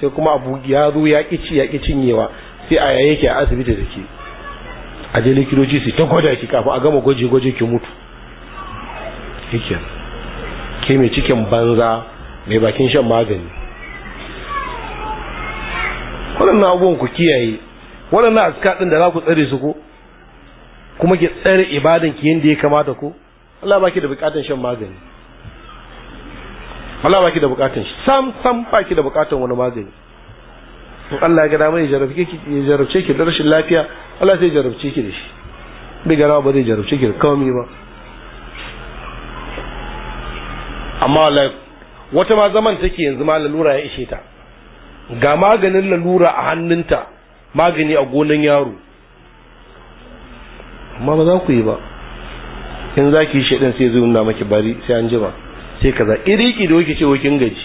sai kuma abu ya zo ya kici ya cinyewa sai a yaye ki a asibiti da ke a je likitoci sai ta gwada ki kafin a gama gwaje gwaje ki mutu yake ke mai cikin banza mai bakin shan magani waɗannan abubuwan ku kiyaye waɗannan aska ɗin da za ku tsare su ko kuma ki tsare ibadan ki yadda ya kamata ko Allah ba ki da bukatan shan magani Allah ba ki da bukatan shi sam sam ba ki da bukatan wani magani in Allah ya ga damar ya jarabce ki da rashin lafiya Allah sai jarabce ki da shi bai ba zai jarabce ki da kawami ba amma wata ma zaman take yanzu ma lalura ya ishe ta ga maganin lalura a hannunta magani a gonan yaro amma ba za ku yi ba in za ki yi shaɗin sai zai nuna maki bari sai an jima sai kaza iriki da wake cewa kin gaji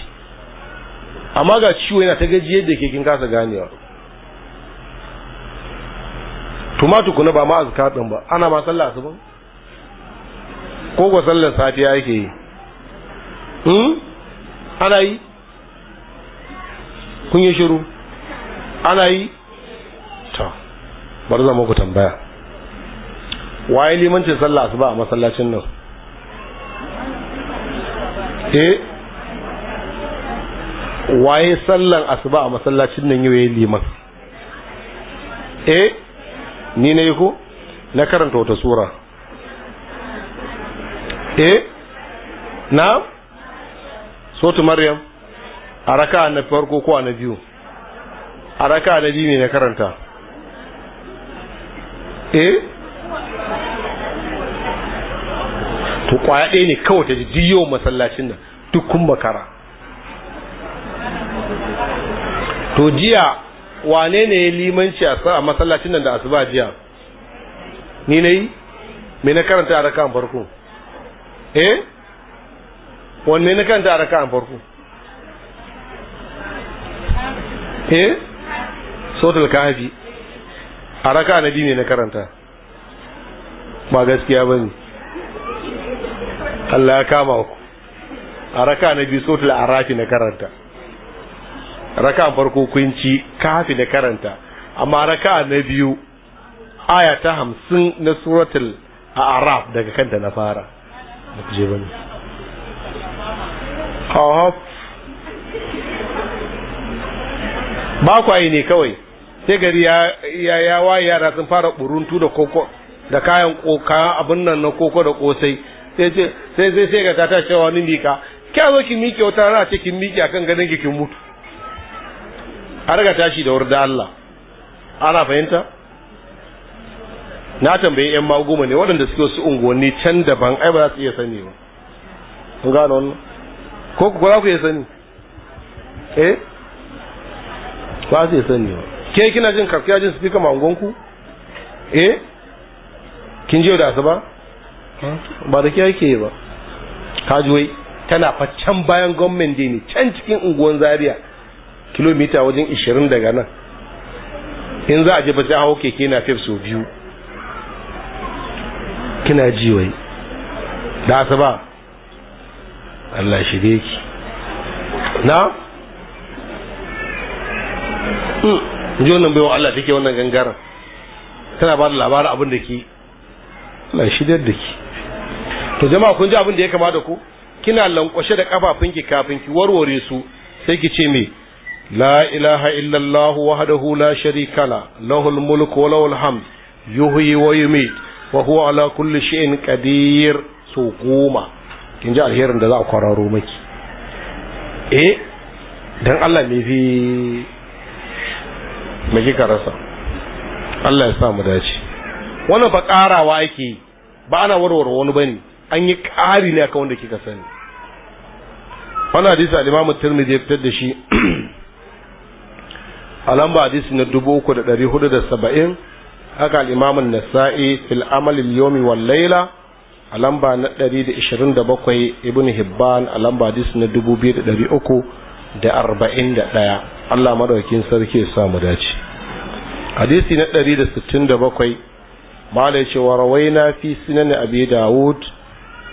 amma ga ciwo yana ta gaji yadda ke kin kasa ganewa tumatu kuna ba ma azka ba ana ma sallah asuba ko ga sallar safiya yake yi Hmm? ana yi kun yi shiru ana yi ta bari zama ku tambaya waye limancin sallah asuba a masallacin nan eh waye sallan asuba a masallacin nan yau yayi liman eh ni ne ko na karanta wata sura eh na sotu maryam a raka na farko ko na biyu a raka na biyu ne na karanta eh to kwaya ɗaya ne kawai ta ji diyo masallacin nan duk kun makara to jiya wane ne ya limanci a masallacin nan da asuba jiya ni na yi me na karanta a raka farko eh wanne na kanta a raka'an farko he eh? sotul kahfi a na biyu ne na karanta ba gaskiya ba ne Allah ya kama ku a na biyu sotul arafi na karanta raka farko kunci kafi na karanta amma raka na biyu aya ta hamsin na suratul a araf daga kanta na fara ba ku je ba ne ha ba kwaye ne kawai sai gari ya ya waye yara sun fara buruntu da koko da kayan koka abin nan na koko da kosai sai sai sai sai ga ta ta cewa ni mika kya zo ki miki wata rana ce ki miki akan ganin ki kin mutu har ga tashi da wurin da Allah ana fahimta na tambayi yan maguma ne waɗanda suke su unguwanni can daban ai ba za su iya sani ba kun gano wannan ko ku za ku iya sani eh ba su iya sani ba ke kina jin kafkiya jin speaker mangonku eh kin ji da asuba ba da ke yi ba kajuwai tana faccan bayan gwamnan ne can cikin unguwan zaria kilomita wajen 20 daga nan in za a jefa sai hawo keke na fif so biyu kina ji wai da asuba Allah shirye ki na hmm. ji wannan baiwa Allah take wannan gangara tana ba da labarin abin da ke Allah shi da ke to jama'a kun ji abin da ya kama da ku kina lankwashe da ki kafin ki warware su sai ki ce me la ilaha illallah wahdahu la sharika la lahul mulk wa lahul hamd yuhyi wa yumit wa huwa ala kulli shay'in qadir su goma kin ji alherin da za a kwararo maki eh dan Allah mai fi me karasa Allah ya sa mu dace wannan fa karawa yake ba ana warware wani bane an yi kari ne akan wanda kika sani wannan hadisi al-Imam Tirmidhi ya fitar da shi a lamba hadisi na 3470 haka al-Imam An-Nasa'i fil amal al-yawmi wal Laila. a lamba na da da ishirin bakwai ibn hibban a lamba dis na dubu biyu da da da uku arba'in ɗaya. Allah madaukakin sarki ya samu dace hadisi na da sittin 167 malai ce wa na fi sunan abi Dawud,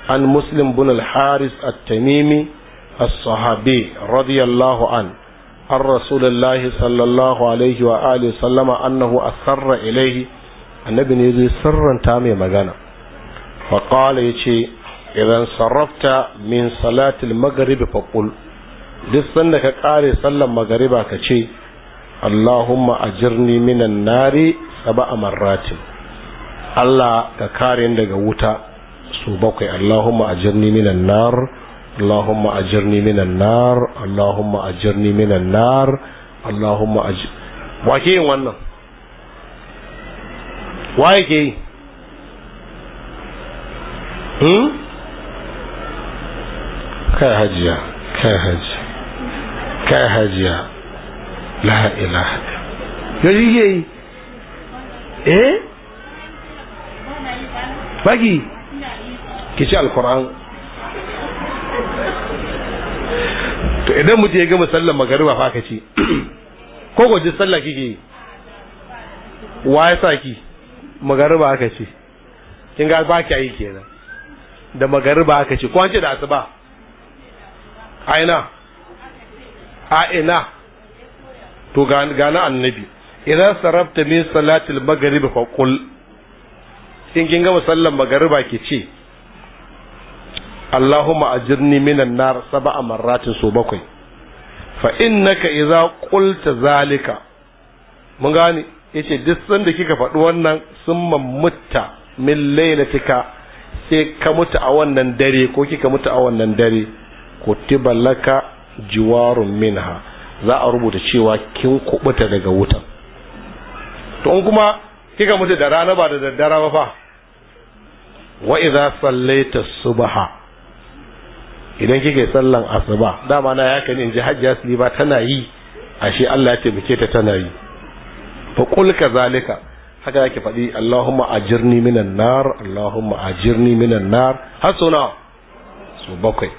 an muslim bin al-haris at-tamimi a sahabi radiyallahu an an rasulullahi sallallahu alaihi wa alihi sallama annahu sarra ilaihi annabi ne zai sarranta mai magana faƙala ya ce idan sarrafta min salatil magharibi faƙul duk sanda ka ƙare sallar magariba ka ce allahumma ajirni minan nari saba'a marratin allah ka kare daga wuta su bakwai allahumma ajirni minan nar allahumma ajirni minan nar allahumma ajirni minan nar allahumma ajir wa ke wannan wa yake yi hmm kai hajiya kai hajiya kai hajiya la eh? baki to idan mutum ya gama sallar magariba fa ka ce ko gwaje sallar kike wa ya sa magariba aka ce kin ga ba ki yi kenan da magariba aka ce ko da asuba a ina a ina to annabi idan sarabta min salatil magariba fa qul in kin gama sallar magariba ki ce Allahumma ajirni minan nar sab'a marratin so bakwai fa innaka idza qulta zalika mun gane yace duk sanda kika faɗi wannan sun mamutta min lailatika ke ka mutu a wannan dare ko kika mutu a wannan dare kutiba laka jiwarun minha za a rubuta cewa kin kubuta daga wutan to in kuma kika mutu da rana ba da daddara ba fa wa idza sallaita subha idan kike sallan asuba dama na ya kani in ji hajjia ba tana yi ashe Allah ya taimake ta tana yi fa qul kazalika haka yake faɗi Allahumma ajirni minan nar Allahumma ajirni minan nar har su bakwai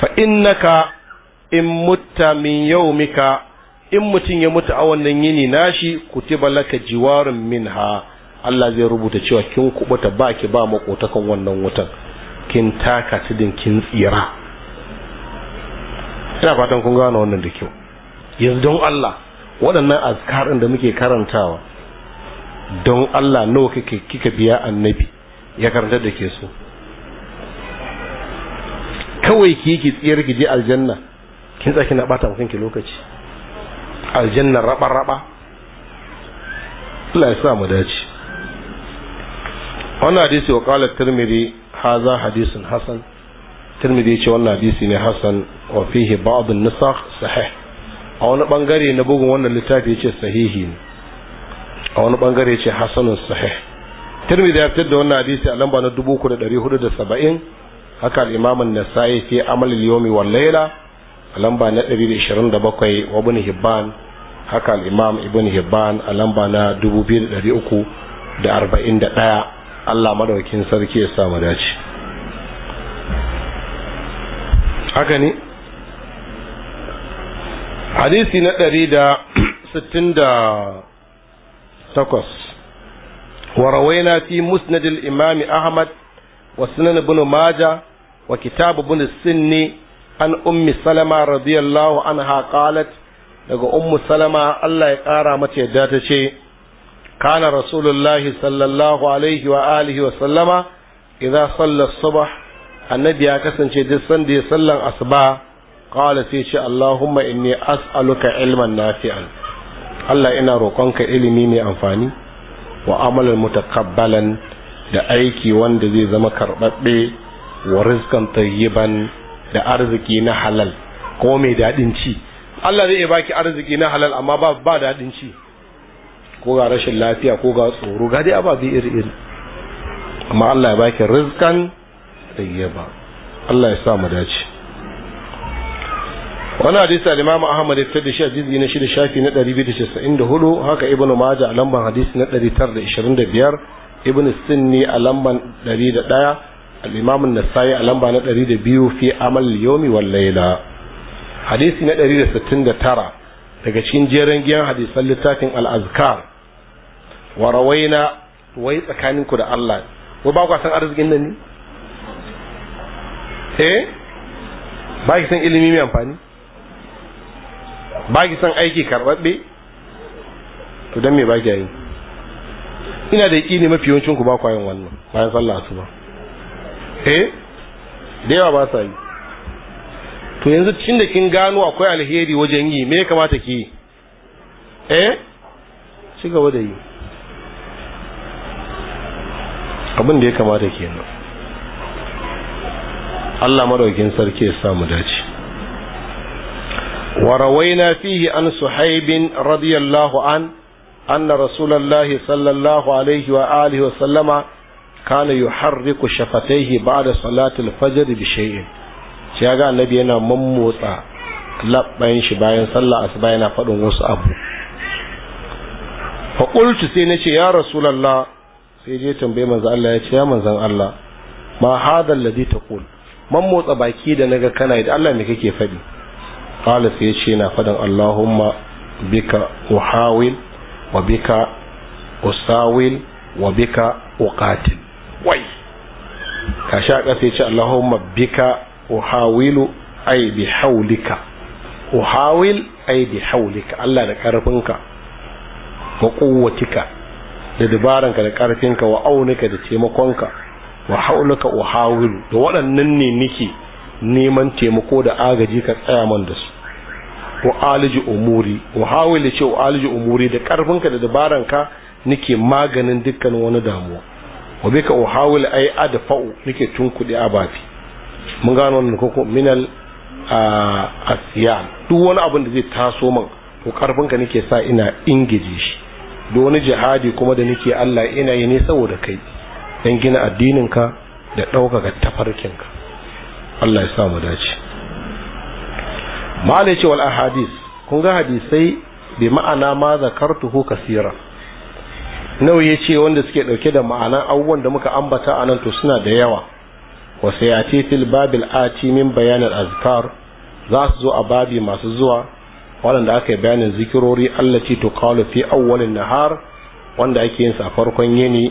fa innaka in mutta min yawmika in mutum ya mutu a wannan yini nashi kutiba laka jiwarun minha Allah zai rubuta cewa kin kubuta baki ba makotakan wannan wutan kin taka tudin kin tsira ina fatan kun gane wannan da kyau yanzu don Allah waɗannan azkarin da muke karantawa don Allah nawa kake kika biya annabi ya karanta da ke so kawai ki yi tsiyar ki je aljanna kin tsaki na bata kanki lokaci aljanna raba raba Allah ya sa mu dace wannan hadisi wa qala tirmidhi hadha hadithun hasan tirmidhi yace wannan hadisi ne hasan wa fihi ba'd an-nusakh sahih a wani bangare na bugun wannan littafi yace sahihi ne a wani bangare ce hasanun sahih tirmidhi ya fitar da wannan hadisi a lamba na dubu da 3470 haka al-imam an-nasa'i fi amal liyomi yawmi wal Laila. a lamba na da da ishirin bakwai wa ibn hibban haka al'imam imam ibn hibban a lamba na dubu biyu da da da uku arba'in ɗaya. Allah madaukin sarki ya samu mu dace haka ne hadisi na da. takwas وروينا في مسند الإمام أحمد وسنن بن ماجة wa kitab السن عن أم سلمة رضي الله عنها قالت daga ummu salama Allah ya ƙara mata yadda ta ce kana rasulullahi sallallahu alaihi wa alihi wa sallama idza salla subh annabi ya kasance duk sanda ya sallan asuba qala sai ce allahumma inni as'aluka ilman nafi'an Allah ina roƙonka ilimi mai amfani wa amalan mutakabbalan da aiki wanda zai zama karɓaɓɓe wa rizkan tayyiban da arziki na halal ko mai daɗin ci Allah zai baki arziki na halal amma ba ba daɗin ci ko ga rashin lafiya ko ga tsoro ga dai ababe iri iri amma Allah ya baki rizkan tayyiba Allah ya sa mu dace wani hadisi da Imam Ahmad ya fitar da shi a jizgi na shida shafi na ɗari biyu da da hudu haka Ibn Majah a lamban hadisi na ɗari da da ishirin biyar. Ibn Sunni a lamban ɗari da ɗaya an-Nasa'i a lamba na ɗari 202 fi amal yawmi wal Laila. hadisi na ɗari da da sittin tara daga cikin jeren giyan hadisan littafin al-Azkar wa rawaina wai tsakaninku da Allah ko ba ku san arzikin nan ne eh ba ki san ilimi mai amfani ba ki son aiki karbabbe to dan me ba ki yi ina da ne mafi yawancin ku ba ku yin wannan bayan sallah asuba eh da yawa ba sa yi to yanzu cin da kin gano akwai alheri wajen yi me ya kamata ki yi eh ci gaba da yi abin da ya kamata kenan Allah madaukin sarki ya samu dace وروينا فيه عن صحيب رضي الله عنه أن رسول الله صلى الله عليه وآله وسلم كان يحرك شفتيه بعد صلاة الفجر بشيء شيئا النبي أنا مموتا labbayin shi bayan sallah asuba yana faɗin wasu abu fa qultu sai nace ya rasulullah sai je tambaye manzo Allah ya ce ya manzon Allah ma hadha alladhi taqul man motsa baki da naga kana da Allah me kake faɗi qala sai ya ce na fadan allahumma bika uhawil wa bika usawil wa bika uqatil ka sha ƙasa ya ce allahumma bika uhawilu ai bi haulika uhawil ai bi haulika allah da ƙarfinka wa ƙuwatika da dabaranka da ƙarfinka wa aunika da taimakonka wa haulika uhawilu da waɗannan ne nike neman taimako da agaji ka tsaya man da su wa aliji umuri wa hawila ce wa aliji umuri da karfinka da dabaranka nake maganin dukkan wani damuwa wa bi ka uhawil ay adfa'u nake tunkuɗe abafi mun gano wannan koko minal Asiya duk wani abin da zai taso man to karfinka nake sa ina ingije shi da wani jihadi kuma da nake Allah ina yi ne saboda kai dan gina addinin ka da ɗaukaka tafarkinka Allah ya sa mu dace ma'ana ce wal ahadis kun ga hadisai bi ma'ana ma zakartuhu kasira nawa ya ce wanda suke dauke da ma'ana abubuwan da muka ambata a nan to suna da yawa wa sayati fil babil ati min bayan al azkar za su zo a babi masu zuwa waɗanda aka yi bayanin zikirori Allah ce to kalu fi awwalin nahar wanda ake yin sa a farkon yini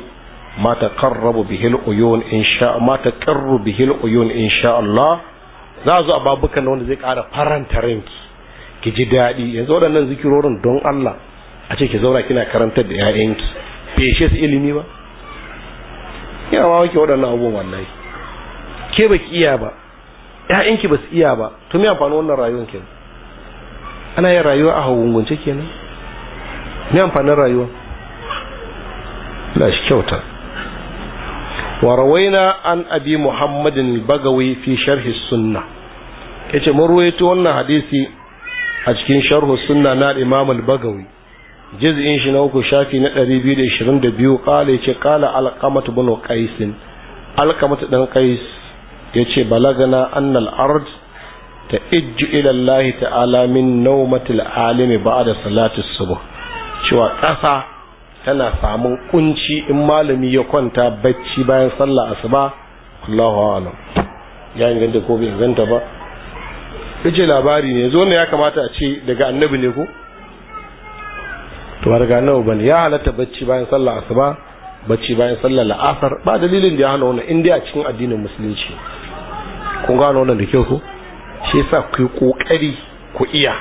ma taqarrabu bihi al-uyun insha ma taqarru bihi al-uyun insha Allah za zo a ababukan wanda zai ƙara faranta ranki ki ji daɗi yanzu waɗannan zikirorin don Allah a ce ki zauna kina karantar da ƴaƴanki feshe su ilimi ba yana ma wake waɗannan abubuwan wallahi ke ba ki iya ba ƴaƴanki ba su iya ba to me amfanin wannan rayuwar kenan ana yin rayuwa a hagungunce kenan me amfanin rayuwa Allah shi kyauta warawaina an abi muhammadin bagawi fi sharhi sunna yace mun ruwaito wannan hadisi a cikin sharhu sunna na imam al-bagawi juz'in shi na uku shafi na 222 qala yace qala al-qamat bin qais al-qamat dan qais yace balagana anna al-ard ta'ijju ila Allah ta'ala min nawmatil alimi ba'da salati subh cewa kasa tana samun kunci in malami ya kwanta bacci bayan sallah asuba Allahu a'lam ya inganta ko bai inganta ba kace labari ne zo ne ya kamata a ce daga annabi ne ko to ba daga annabi bane ya halatta bacci bayan sallah asuba bacci bayan sallah la'asar ba dalilin da ya hana wannan indiya cikin addinin musulunci kun gano wannan da kyau ko shi yasa ku yi kokari ku iya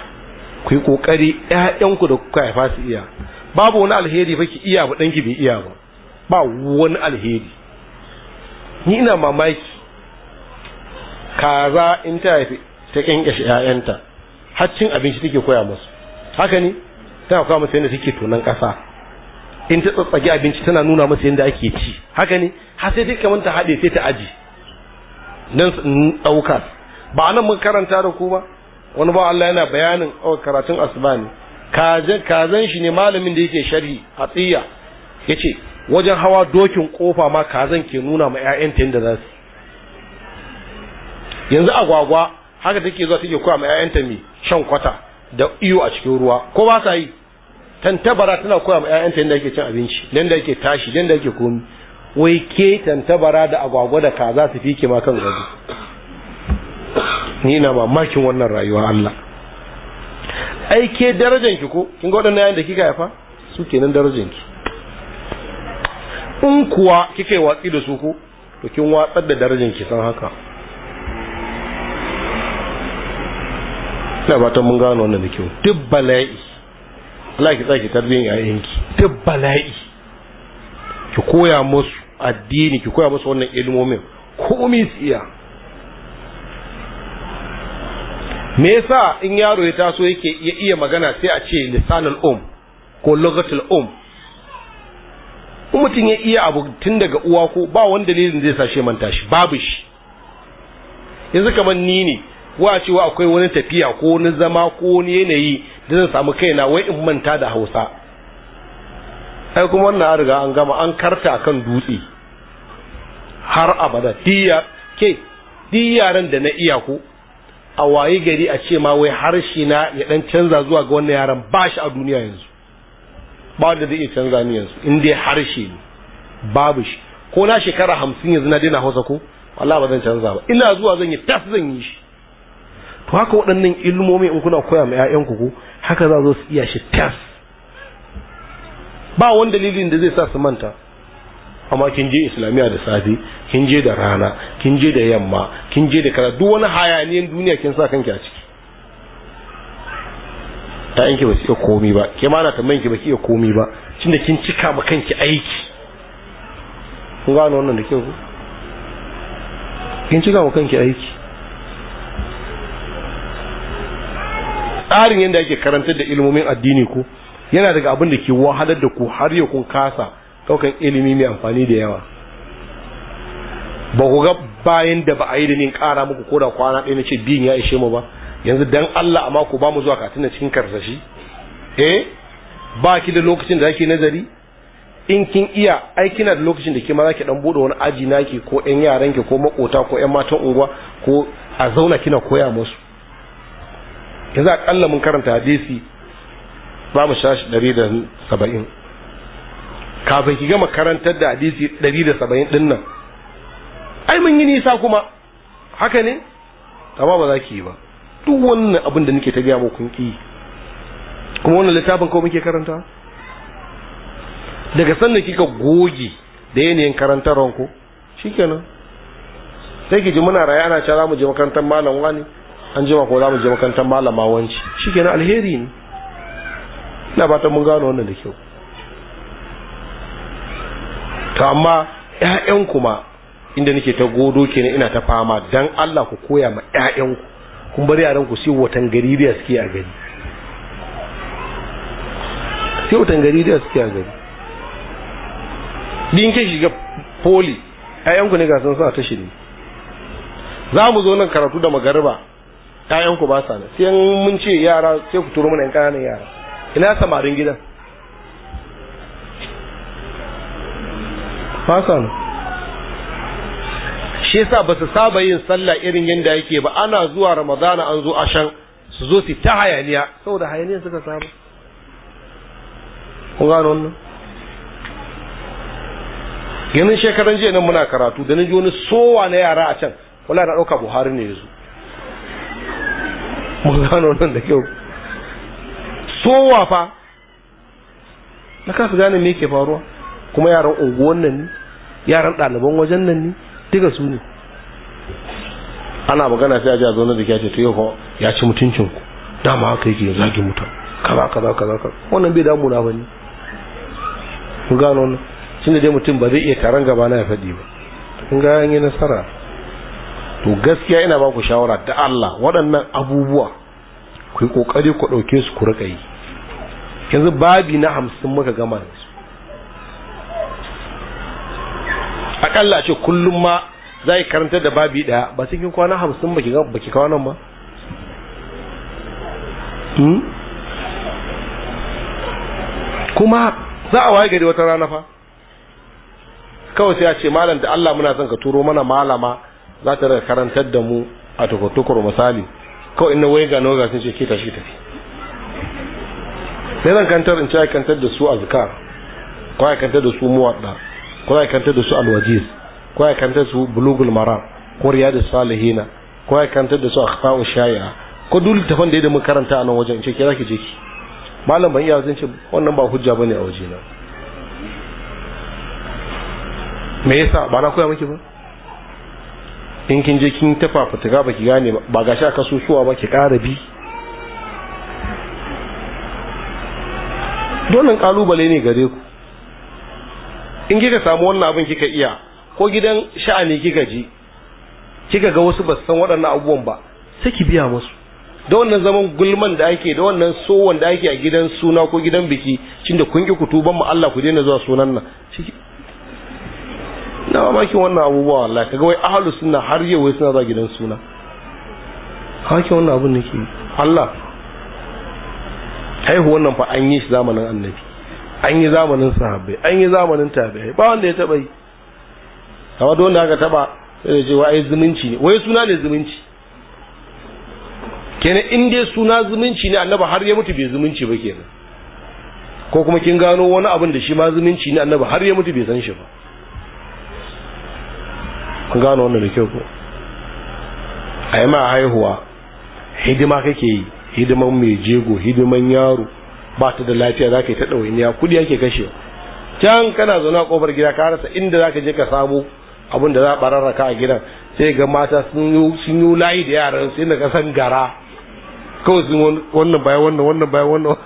ku yi kokari ƴaƴanku da kuka haifa su iya babu wani alheri ba ki iya ba ɗanki bai iya ba ba wani alheri ni ina mamaki kaza in ta haifi ta kyankyashe 'ya'yanta haccin abinci take koya musu haka ne tana koya musu yadda take tonon ƙasa in ta tsatsage abinci tana nuna musu yadda ake ci haka ne har sai take manta haɗe sai ta aji nan ɗauka ba nan mun karanta da ku ba wani ba Allah yana bayanin oh, karatun asuba kazan shi ne malamin da yake sharhi hatsiya ya ce wajen hawa dokin kofa ma kazan ke nuna ma 'ya'yanta yadda za su yanzu agwagwa haka take zuwa take koya ma 'ya'yanta mai shan kwata da iyo a cikin ruwa ko ba sa yi tantabara tana koya ma 'ya'yanta yadda ake cin abinci yadda ake tashi yadda ake komi wai ke tantabara da agwagwa da kaza su fike ma kan gado ni na mamakin wannan rayuwa Allah ai ke darajan ki ko kin ga waɗannan yayin da kika yafa su kenan darajan ki in kuwa kika yi watsi da su ko to kin watsar da darajan ki san haka ina ta mun gano wannan da kyau duk bala'i Allah ki tsaki tarbiyyar yayin ki duk bala'i ki koya musu addini ki koya musu wannan ilmomin komai su iya me yasa in yaro ya taso yake ya iya magana sai a ce lisanul um ko lughatul um mutum ya iya abu tun daga uwa ko ba wani dalilin zai sa shi manta shi babu shi yanzu kamar ni ne wa cewa akwai wani tafiya ko wani zama ko wani yanayi da zan samu kaina wai in manta da hausa ai kuma wannan an riga an gama an karta kan dutse har abada diya ke yaran da na iya ko a waye gari a ce ma wai harshe na ya dan canza zuwa ga wannan yaran ba shi a duniya yanzu ba wanda zai iya canza ni yanzu in dai harshe ne babu shi ko na shekara hamsin yanzu na daina hausa ko Allah ba zan canza ba ina zuwa zan yi tas zan yi shi to haka waɗannan ilmomi in kuna koya ma ku ko haka za zo su iya shi tas ba wani dalilin da zai sa su manta amma kin je islamiya da safi kin je da rana kin je da yamma kin je da kaza duk wani hayaniyan duniya kin sa kanki a ciki ta yanki ba iya komi ba ke ma na tambayin ki ba iya komi ba tunda kin cika ma kanki aiki kun gano wannan da kyau kin cika ma kanki aiki tsarin yadda ake karantar da ilmomin addini ko yana daga abin da ke wahalar da ku har yau kun kasa Daukan ilimi mai amfani da yawa ba ku ga bayan da ba a yi da ni kara muku ko da kwana ɗaya na ce biyun ya ishe mu ba yanzu dan Allah a mako ba mu zuwa katina cikin karsashi eh ba ki da lokacin da ake nazari in kin iya ai kina da lokacin da ke ma zaki dan bude wani aji naki ko ƴan yaran ki ko makota ko ƴan matan unguwa ko a zauna kina koya musu yanzu a mun karanta hadisi ba mu shashi 170 kafin ki gama karantar da hadisi 170 din nan ai mun yi nisa kuma haka ne amma ba za ki yi ba duk wannan abin da nake ta gaya muku ki kuma wannan littafin ko muke karanta daga sannan kika goge da yanayin karantarwar ku shikenan sai ki ji muna raye ana cewa mu je makarantar malam wani an jima ko za mu je makarantar malama wanci shikenan alheri ne ina ba ta mun gano wannan da kyau to amma ƴaƴan kuma inda nake ta godo kenan ina ta fama dan Allah ku koya ma ƴaƴan ku kun bar yaran ku sai watan gari da suke a gari sai watan gari da suke a gari din ke shiga poli ƴaƴan ku ne ga sun sa ta shi ne za mu zo nan karatu da magariba ƴaƴan ku ba sa sai mun ce yara sai ku turo mana ƴan ƙananan yara ina samarin gidan Fasan shi yasa ba su saba yin sallah irin yadda yake ba ana zuwa ramadana an zo ashan su zo su ta hayaniya saboda hayaniya suka saba kun gano wannan ganin shekaran jiya nan muna karatu da ji wani sowa na yara a can wala na ɗauka buhari ne yanzu mun gano wannan da kyau sowa fa na su gane me ke faruwa kuma yaran unguwan nan ne yaran ɗaliban wajen nan ne duka su ne ana magana sai a ji a zaune da kyace to yau ya ci mutuncin ku dama haka yake zagi mutum kaza kaza kaza kaza wannan bai damu na ne. Mun gano wannan shi ne dai mutum ba zai iya taron gaba na ya faɗi ba in ga an yi nasara to gaskiya ina ba ku shawara da Allah waɗannan abubuwa ku yi ƙoƙari ku ɗauke su ku riƙa yi yanzu babi na hamsin muka gama akalla a ce kullum ma za a karanta da babi daya ba cikin kwana hamsin ba baki kawo nan ba hmm? kuma za a waye gari wata rana fa kawai sai a ce malam da Allah muna son ka turo mana malama za ta daga karantar da mu a tukur misali kawai ina waye gano ga sun ce ke tashi tafi sai zan kantar in ci kantar da su azkar ko kantar da su muwadda ko ya kanta da su alwajiz ko ya kanta su bulugul mara ko riyadus salihina ko ya kanta da su akhfa'u shay'a ko duk littafin da mun karanta a nan wajen ce ke zaki je ki malam ban iya zan ce wannan ba hujja bane a waje na me yasa ba na koya miki ba in kin je kin tafa fitiga ba ki gane ba gashi aka kasusuwa ba ki ƙara bi donin kalubale ne gare ku in kika samu wannan abin kika iya ko gidan sha'ani kika ji kika ga wasu ba san waɗannan abubuwan ba sai ki biya musu da wannan zaman gulman da ake da wannan sowan da ake a gidan suna ko gidan biki cin da kun ki ku tuban mu Allah ku daina zuwa sunan nan na mamakin wannan abubuwa wallahi kaga wai ahlus sunna har yau wai suna zuwa gidan suna hakin wannan abun nake Allah haihu wannan fa an yi shi zamanin annabi an yi zamanin sahabbai an yi zamanin tabi'ai ba wanda ya taba yi amma don wanda aka taba sai da cewa ai zumunci ne wai suna ne zumunci kenan in dai suna zumunci ne annaba har ya mutu bai zumunci ba kenan ko kuma kin gano wani abin da shi ma zumunci ne annaba har ya mutu bai san shi ba kun gano wannan da kyau ko a yi ma haihuwa hidima kake yi hidiman mai jego hidiman yaro ba ta da lafiya za ka yi ta ɗawainiya kuɗi ake kashe can kana zaune a ƙofar gida ka rasa inda za ka je ka samu abin da za a ɓararraka a gidan sai ga mata sun yi layi da yaran sai na kasan gara kawai sun wannan bayan wannan wannan bayan wannan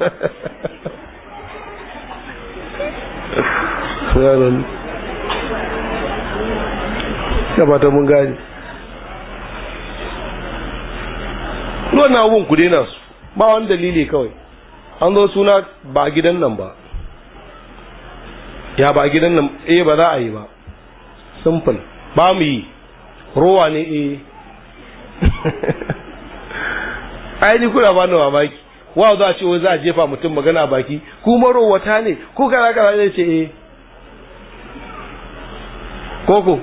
sanan ya ba ta mun gani wannan abubuwan ku daina ba wani dalili kawai an zo suna ba gidan nan ba ya ba gidan nan eh ba za a yi ba simple ba mu yi rowa ne eh ai ni kula ba ni baki wa za a ce wai za a jefa mutum magana a baki kuma ta ne ko kaza kaza zai ce eh koko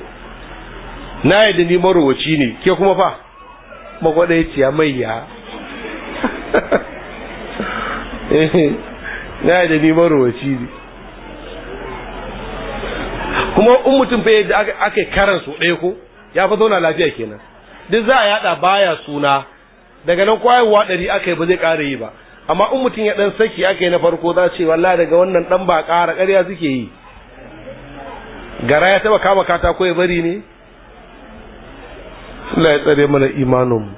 na yadda ni marowaci ne ke kuma fa magwada ya ce ya mai ya Eh, na da ni marowaci ne kuma in mutum fa yadda aka karan su ɗaya ko ya fi zauna lafiya kenan duk za a yada baya suna daga nan kwayowa ɗari aka yi ba zai ƙara yi ba amma in mutum ya ɗan saki aka yi na farko za ce walla daga wannan ɗan ba ƙara ƙarya suke yi gara ya taɓa kama katako ya bari ne Allah ya tsare mana imanin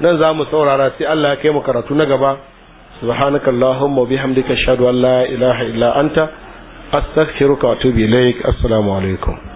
nan za mu saurara sai Allah ya kai mu karatu na gaba subhanaka allahumma bihamdika ashhadu an ilaha illa anta astaghfiruka wa assalamu alaikum